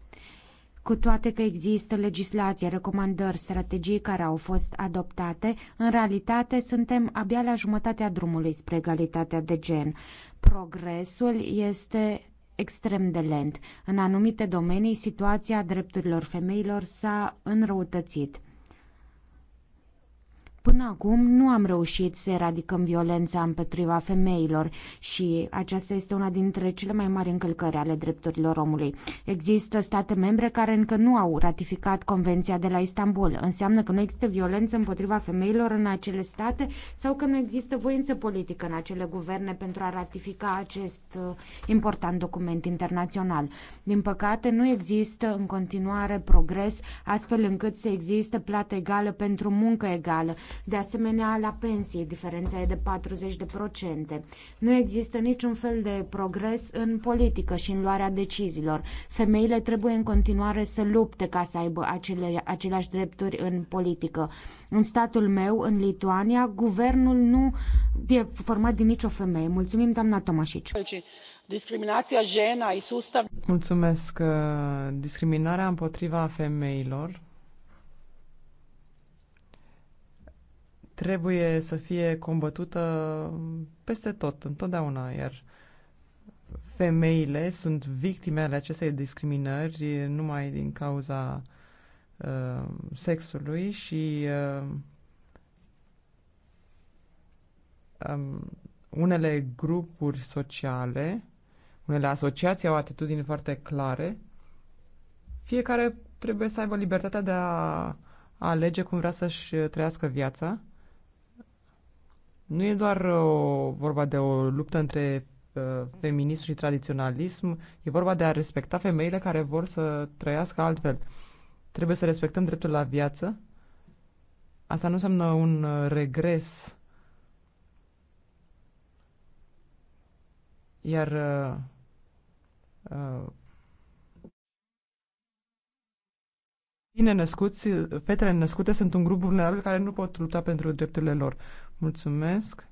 cu toate că există legislație, recomandări, strategii care au fost adoptate, în realitate suntem abia la jumătatea drumului spre egalitatea de gen. Progresul este extrem de lent. În anumite domenii, situația drepturilor femeilor s-a înrăutățit. Până acum nu am reușit să eradicăm violența împotriva femeilor și aceasta este una dintre cele mai mari încălcări ale drepturilor omului. Există state membre care încă nu au ratificat Convenția de la Istanbul. Înseamnă că nu există violență împotriva femeilor în acele state sau că nu există voință politică în acele guverne pentru a ratifica acest uh, important document internațional. Din păcate, nu există în continuare progres astfel încât să existe plată egală pentru muncă egală de asemenea, la pensie diferența e de 40%. Nu există niciun fel de progres în politică și în luarea deciziilor. Femeile trebuie în continuare să lupte ca să aibă acele, aceleași drepturi în politică. În statul meu, în Lituania, guvernul nu e format din nicio femeie. Mulțumim, doamna Tomașici. Discriminația jena sustav... Mulțumesc. Uh, discriminarea împotriva femeilor trebuie să fie combătută peste tot, întotdeauna, iar femeile sunt victime ale acestei discriminări numai din cauza uh, sexului și uh, um, unele grupuri sociale, unele asociații au atitudini foarte clare. Fiecare trebuie să aibă libertatea de a alege cum vrea să-și trăiască viața nu e doar uh, o, vorba de o luptă între uh, feminism și tradiționalism, e vorba de a respecta femeile care vor să trăiască altfel. Trebuie să respectăm dreptul la viață. Asta nu înseamnă un uh, regres. Iar Bine născuți, fetele născute sunt un grup vulnerabil care nu pot lupta pentru drepturile lor. Mulțumesc.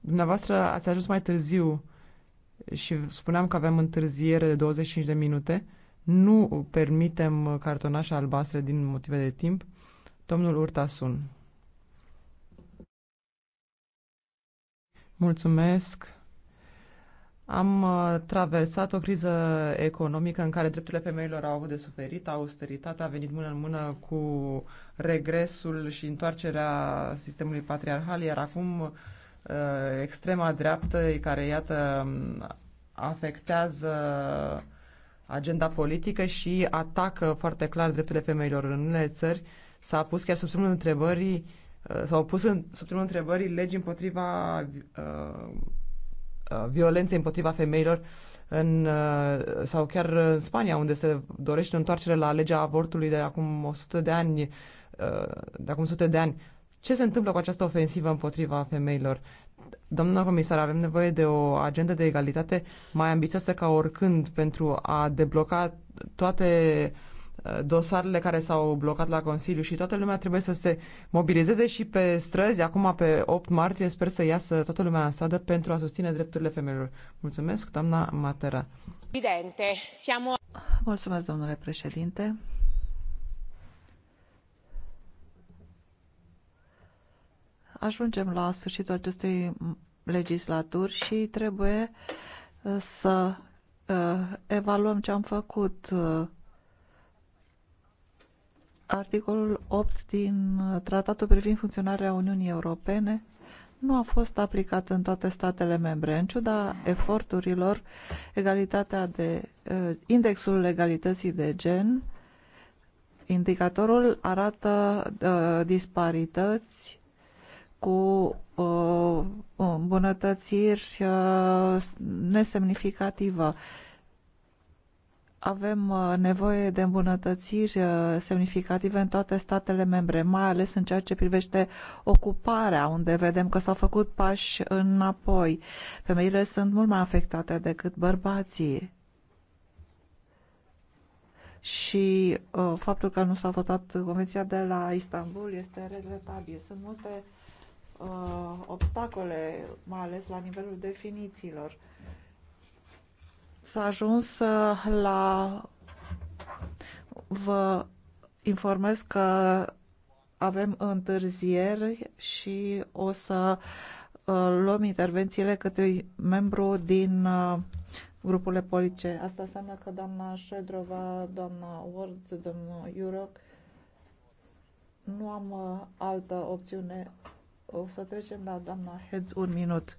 Dumneavoastră ați ajuns mai târziu și spuneam că avem întârziere de 25 de minute. Nu permitem cartonașa albastre din motive de timp. Domnul Urtasun. Mulțumesc. Am uh, traversat o criză economică în care drepturile femeilor au avut de suferit, austeritatea a venit mână în mână cu regresul și întoarcerea sistemului patriarhal, iar acum uh, extrema dreaptă, care, iată, afectează agenda politică și atacă foarte clar drepturile femeilor în unele țări, s-a pus chiar sub semnul întrebării uh, s-au pus în, sub semnul întrebării legi împotriva uh, Uh, violențe împotriva femeilor în, uh, sau chiar în Spania, unde se dorește întoarcere la legea avortului de acum 100 de ani, uh, de acum 100 de ani. Ce se întâmplă cu această ofensivă împotriva femeilor? Domnul comisar, avem nevoie de o agendă de egalitate mai ambițioasă ca oricând pentru a debloca toate uh, dosarele care s-au blocat la Consiliu și toată lumea trebuie să se mobilizeze și pe străzi. Acum, pe 8 martie, sper să iasă toată lumea în stradă pentru a susține drepturile femeilor. Mulțumesc, doamna Matera. Evidente, siamo... Mulțumesc, domnule președinte. Ajungem la sfârșitul acestei legislaturi și trebuie uh, să uh, evaluăm ce am făcut uh, Articolul 8 din Tratatul privind funcționarea Uniunii Europene nu a fost aplicat în toate statele membre. În ciuda eforturilor, egalitatea de, uh, indexul egalității de gen, indicatorul arată uh, disparități cu uh, îmbunătățiri uh, nesemnificativă. Uh, avem uh, nevoie de îmbunătățiri uh, semnificative în toate statele membre, mai ales în ceea ce privește ocuparea, unde vedem că s-au făcut pași înapoi. Femeile sunt mult mai afectate decât bărbații. Și uh, faptul că nu s-a votat Convenția de la Istanbul este regretabil. Sunt multe uh, obstacole, mai ales la nivelul definițiilor s-a ajuns uh, la... Vă informez că avem întârzieri și o să uh, luăm intervențiile către membru din uh, grupurile politice. Asta înseamnă că doamna Ședrova, doamna Ward, domnul Iuroc, nu am altă opțiune. O să trecem la doamna Head un minut.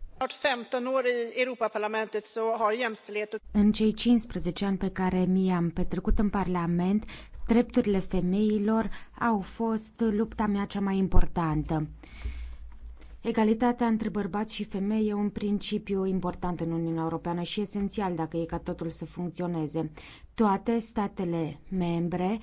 În cei 15 ani pe care mi-am petrecut în Parlament, drepturile femeilor au fost lupta mea cea mai importantă. Egalitatea între bărbați și femei e un principiu important în Uniunea Europeană și esențial dacă e ca totul să funcționeze. Toate statele membre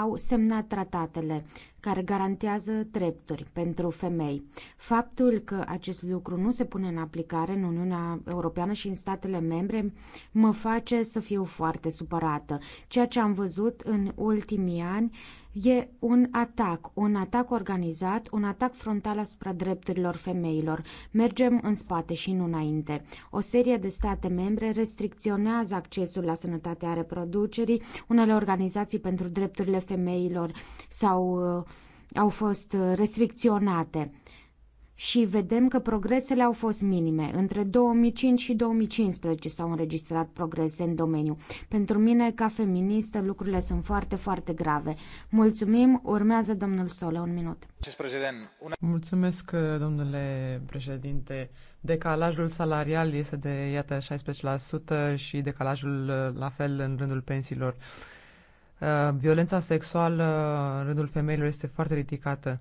au semnat tratatele care garantează drepturi pentru femei. Faptul că acest lucru nu se pune în aplicare în Uniunea Europeană și în statele membre mă face să fiu foarte supărată. Ceea ce am văzut în ultimii ani e un atac, un atac organizat, un atac frontal asupra drepturilor femeilor. Mergem în spate și nu înainte. O serie de state membre restricționează accesul la sănătatea reproducerii, unele organizații pentru drepturile femeilor sau uh, au fost uh, restricționate și vedem că progresele au fost minime. Între 2005 și 2015 s-au înregistrat progrese în domeniu. Pentru mine, ca feministă, lucrurile sunt foarte, foarte grave. Mulțumim. Urmează domnul Sole, un minut. Mulțumesc, uh, domnule președinte. Decalajul salarial este de, iată, 16% și decalajul uh, la fel în rândul pensiilor. Uh, Uh, violența sexuală în rândul femeilor este foarte ridicată.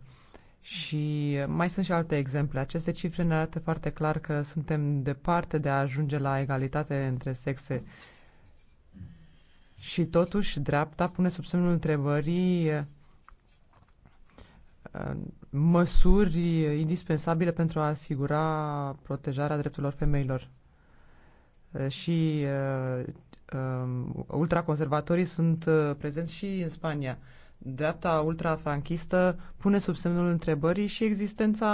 Și uh, mai sunt și alte exemple. Aceste cifre ne arată foarte clar că suntem departe de a ajunge la egalitate între sexe. Și totuși, dreapta pune sub semnul întrebării uh, măsuri indispensabile pentru a asigura protejarea drepturilor femeilor. Și Um, ultraconservatorii sunt uh, prezenți și în Spania. Dreapta ultrafranchistă pune sub semnul întrebării și existența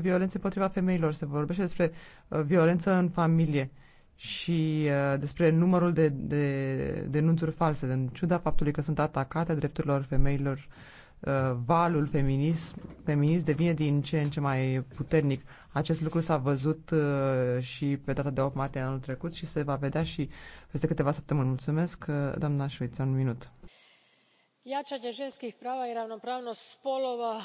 violenței împotriva femeilor. Se vorbește despre uh, violență în familie și uh, despre numărul de, de denunțuri false, în ciuda faptului că sunt atacate drepturilor femeilor uh, Uh, valul feminist, feminist devine din ce în ce mai puternic. Acest lucru s-a văzut uh, și pe data de 8 martie anul trecut și se va vedea și peste câteva săptămâni. Mulțumesc, uh, doamna Șuiță, un minut. ženskih prava i ravnopravnost spolova.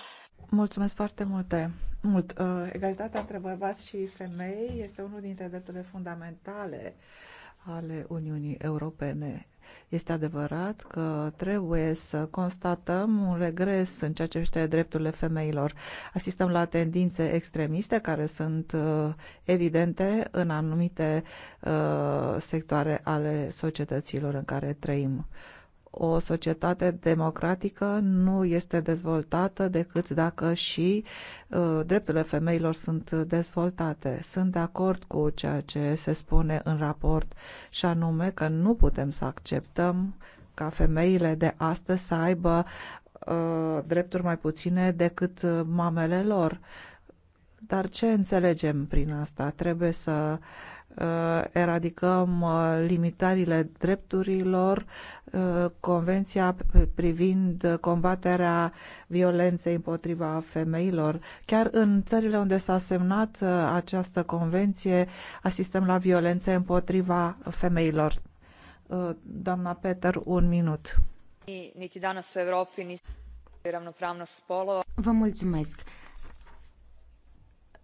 Mulțumesc foarte multe. mult. Egalitatea între bărbați și femei este unul dintre drepturile fundamentale ale Uniunii Europene este adevărat că trebuie să constatăm un regres în ceea ce privește drepturile femeilor. Asistăm la tendințe extremiste care sunt uh, evidente în anumite uh, sectoare ale societăților în care trăim o societate democratică nu este dezvoltată decât dacă și uh, drepturile femeilor sunt dezvoltate. Sunt de acord cu ceea ce se spune în raport și anume că nu putem să acceptăm ca femeile de astăzi să aibă uh, drepturi mai puține decât mamele lor. Dar ce înțelegem prin asta? Trebuie să uh, eradicăm uh, limitările drepturilor, Convenția privind combaterea violenței împotriva femeilor. Chiar în țările unde s-a semnat uh, această convenție, asistăm la violențe împotriva femeilor. Uh, doamna Peter, un minut. Vă mulțumesc.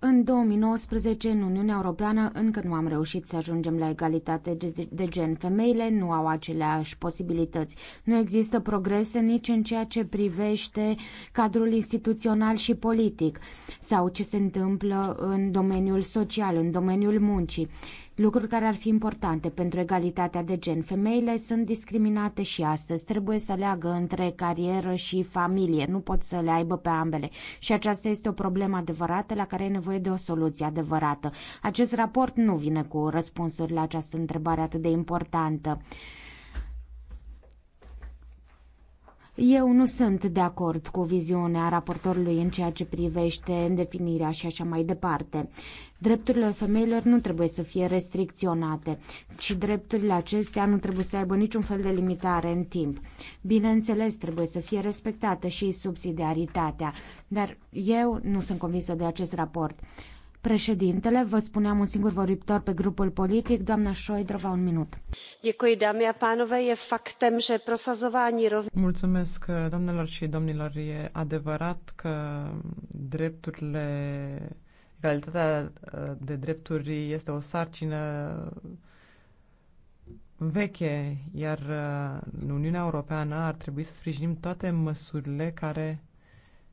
În 2019, în Uniunea Europeană, încă nu am reușit să ajungem la egalitate de gen. Femeile nu au aceleași posibilități. Nu există progrese nici în ceea ce privește cadrul instituțional și politic sau ce se întâmplă în domeniul social, în domeniul muncii lucruri care ar fi importante pentru egalitatea de gen. Femeile sunt discriminate și astăzi. Trebuie să aleagă între carieră și familie. Nu pot să le aibă pe ambele. Și aceasta este o problemă adevărată la care e nevoie de o soluție adevărată. Acest raport nu vine cu răspunsuri la această întrebare atât de importantă. Eu nu sunt de acord cu viziunea raportorului în ceea ce privește îndefinirea și așa mai departe. Drepturile femeilor nu trebuie să fie restricționate și drepturile acestea nu trebuie să aibă niciun fel de limitare în timp. Bineînțeles, trebuie să fie respectată și subsidiaritatea, dar eu nu sunt convinsă de acest raport. Președintele, vă spuneam un singur vorbitor pe grupul politic, doamna Șoidrova, un minut. Mulțumesc, doamnelor și domnilor, e adevărat că drepturile, egalitatea de drepturi este o sarcină veche, iar în Uniunea Europeană ar trebui să sprijinim toate măsurile care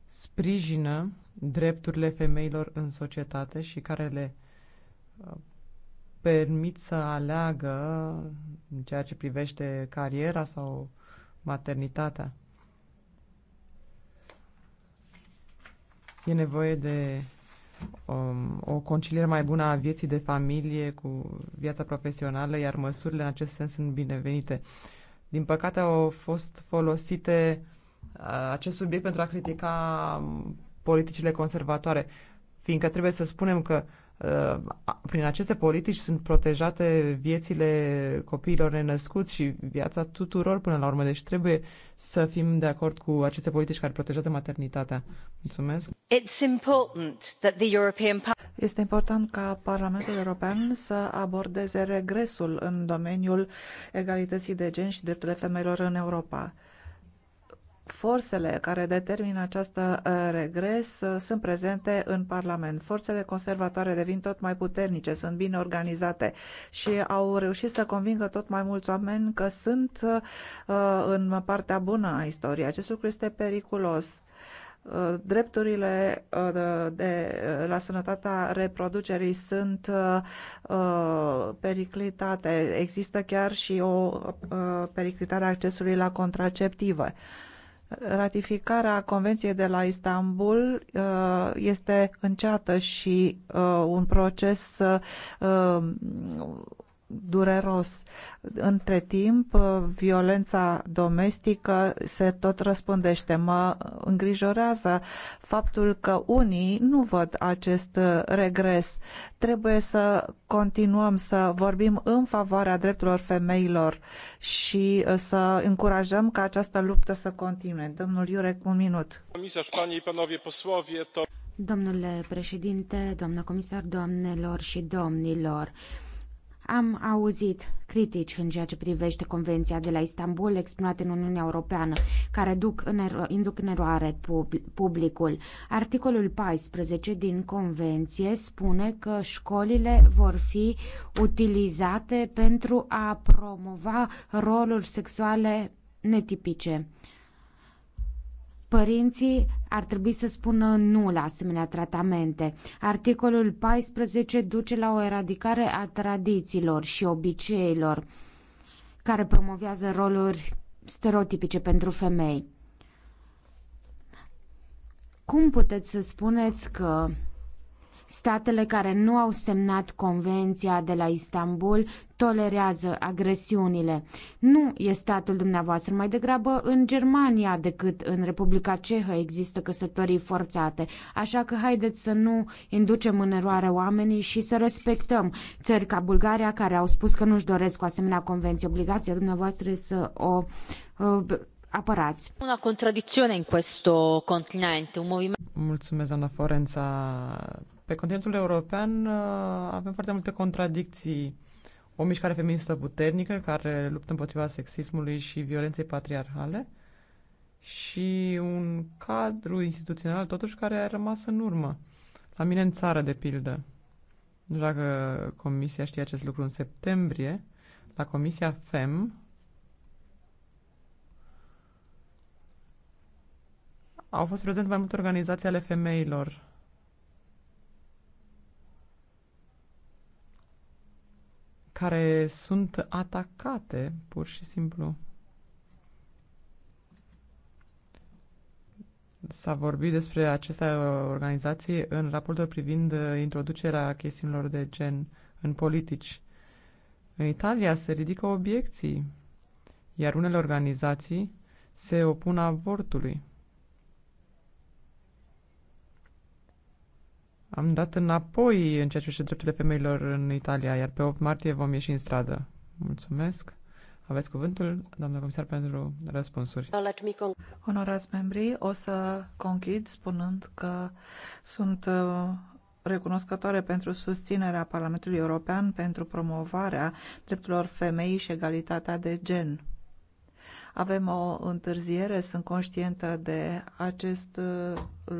sprijină drepturile femeilor în societate și care le uh, permit să aleagă în ceea ce privește cariera sau maternitatea. E nevoie de um, o conciliere mai bună a vieții de familie cu viața profesională, iar măsurile în acest sens sunt binevenite. Din păcate au fost folosite uh, acest subiect pentru a critica um, politicile conservatoare, fiindcă trebuie să spunem că uh, prin aceste politici sunt protejate viețile copiilor nenăscuți și viața tuturor până la urmă. Deci trebuie să fim de acord cu aceste politici care protejează maternitatea. Mulțumesc. It's important that the European... Este important ca Parlamentul European să abordeze regresul în domeniul egalității de gen și drepturile femeilor în Europa. Forțele care determină această uh, regres uh, sunt prezente în Parlament. Forțele conservatoare devin tot mai puternice, sunt bine organizate și au reușit să convingă tot mai mulți oameni că sunt uh, în partea bună a istoriei. Acest lucru este periculos drepturile de, la sănătatea reproducerii sunt periclitate. Există chiar și o periclitare a accesului la contraceptive. Ratificarea Convenției de la Istanbul uh, este înceată și uh, un proces uh, dureros. Între timp, uh, violența domestică se tot răspândește. Mă îngrijorează faptul că unii nu văd acest uh, regres. Trebuie să continuăm să vorbim în favoarea drepturilor femeilor și uh, să încurajăm ca această luptă să continue. Domnul Iurec, un minut. Domnule președinte, doamnă comisar, doamnelor și domnilor, am auzit critici în ceea ce privește Convenția de la Istanbul exprimate în Uniunea Europeană, care duc în ero- induc în eroare pub- publicul. Articolul 14 din Convenție spune că școlile vor fi utilizate pentru a promova roluri sexuale netipice. Părinții ar trebui să spună nu la asemenea tratamente. Articolul 14 duce la o eradicare a tradițiilor și obiceiilor care promovează roluri stereotipice pentru femei. Cum puteți să spuneți că Statele care nu au semnat Convenția de la Istanbul tolerează agresiunile. Nu e statul dumneavoastră, mai degrabă în Germania decât în Republica Cehă există căsătorii forțate. Așa că haideți să nu inducem în eroare oamenii și să respectăm țări ca Bulgaria care au spus că nu-și doresc o asemenea convenție. Obligația dumneavoastră e să o apărați. Una contradicțiune în questo continente, un movimento. Mulțumesc, doamna Forența pe continentul european uh, avem foarte multe contradicții. O mișcare feministă puternică care luptă împotriva sexismului și violenței patriarhale și un cadru instituțional totuși care a rămas în urmă. La mine în țară, de pildă, nu știu dacă comisia știe acest lucru, în septembrie, la comisia FEM, au fost prezente mai multe organizații ale femeilor care sunt atacate pur și simplu. S-a vorbit despre aceste organizații în raportul privind introducerea chestiunilor de gen în politici. În Italia se ridică obiecții, iar unele organizații se opun avortului. Am dat înapoi în ceea ce privește drepturile femeilor în Italia, iar pe 8 martie vom ieși în stradă. Mulțumesc. Aveți cuvântul, doamna comisar, pentru răspunsuri. Onorați membrii, o să conchid spunând că sunt uh, recunoscătoare pentru susținerea Parlamentului European pentru promovarea drepturilor femeii și egalitatea de gen. Avem o întârziere, sunt conștientă de acest lucru. Uh,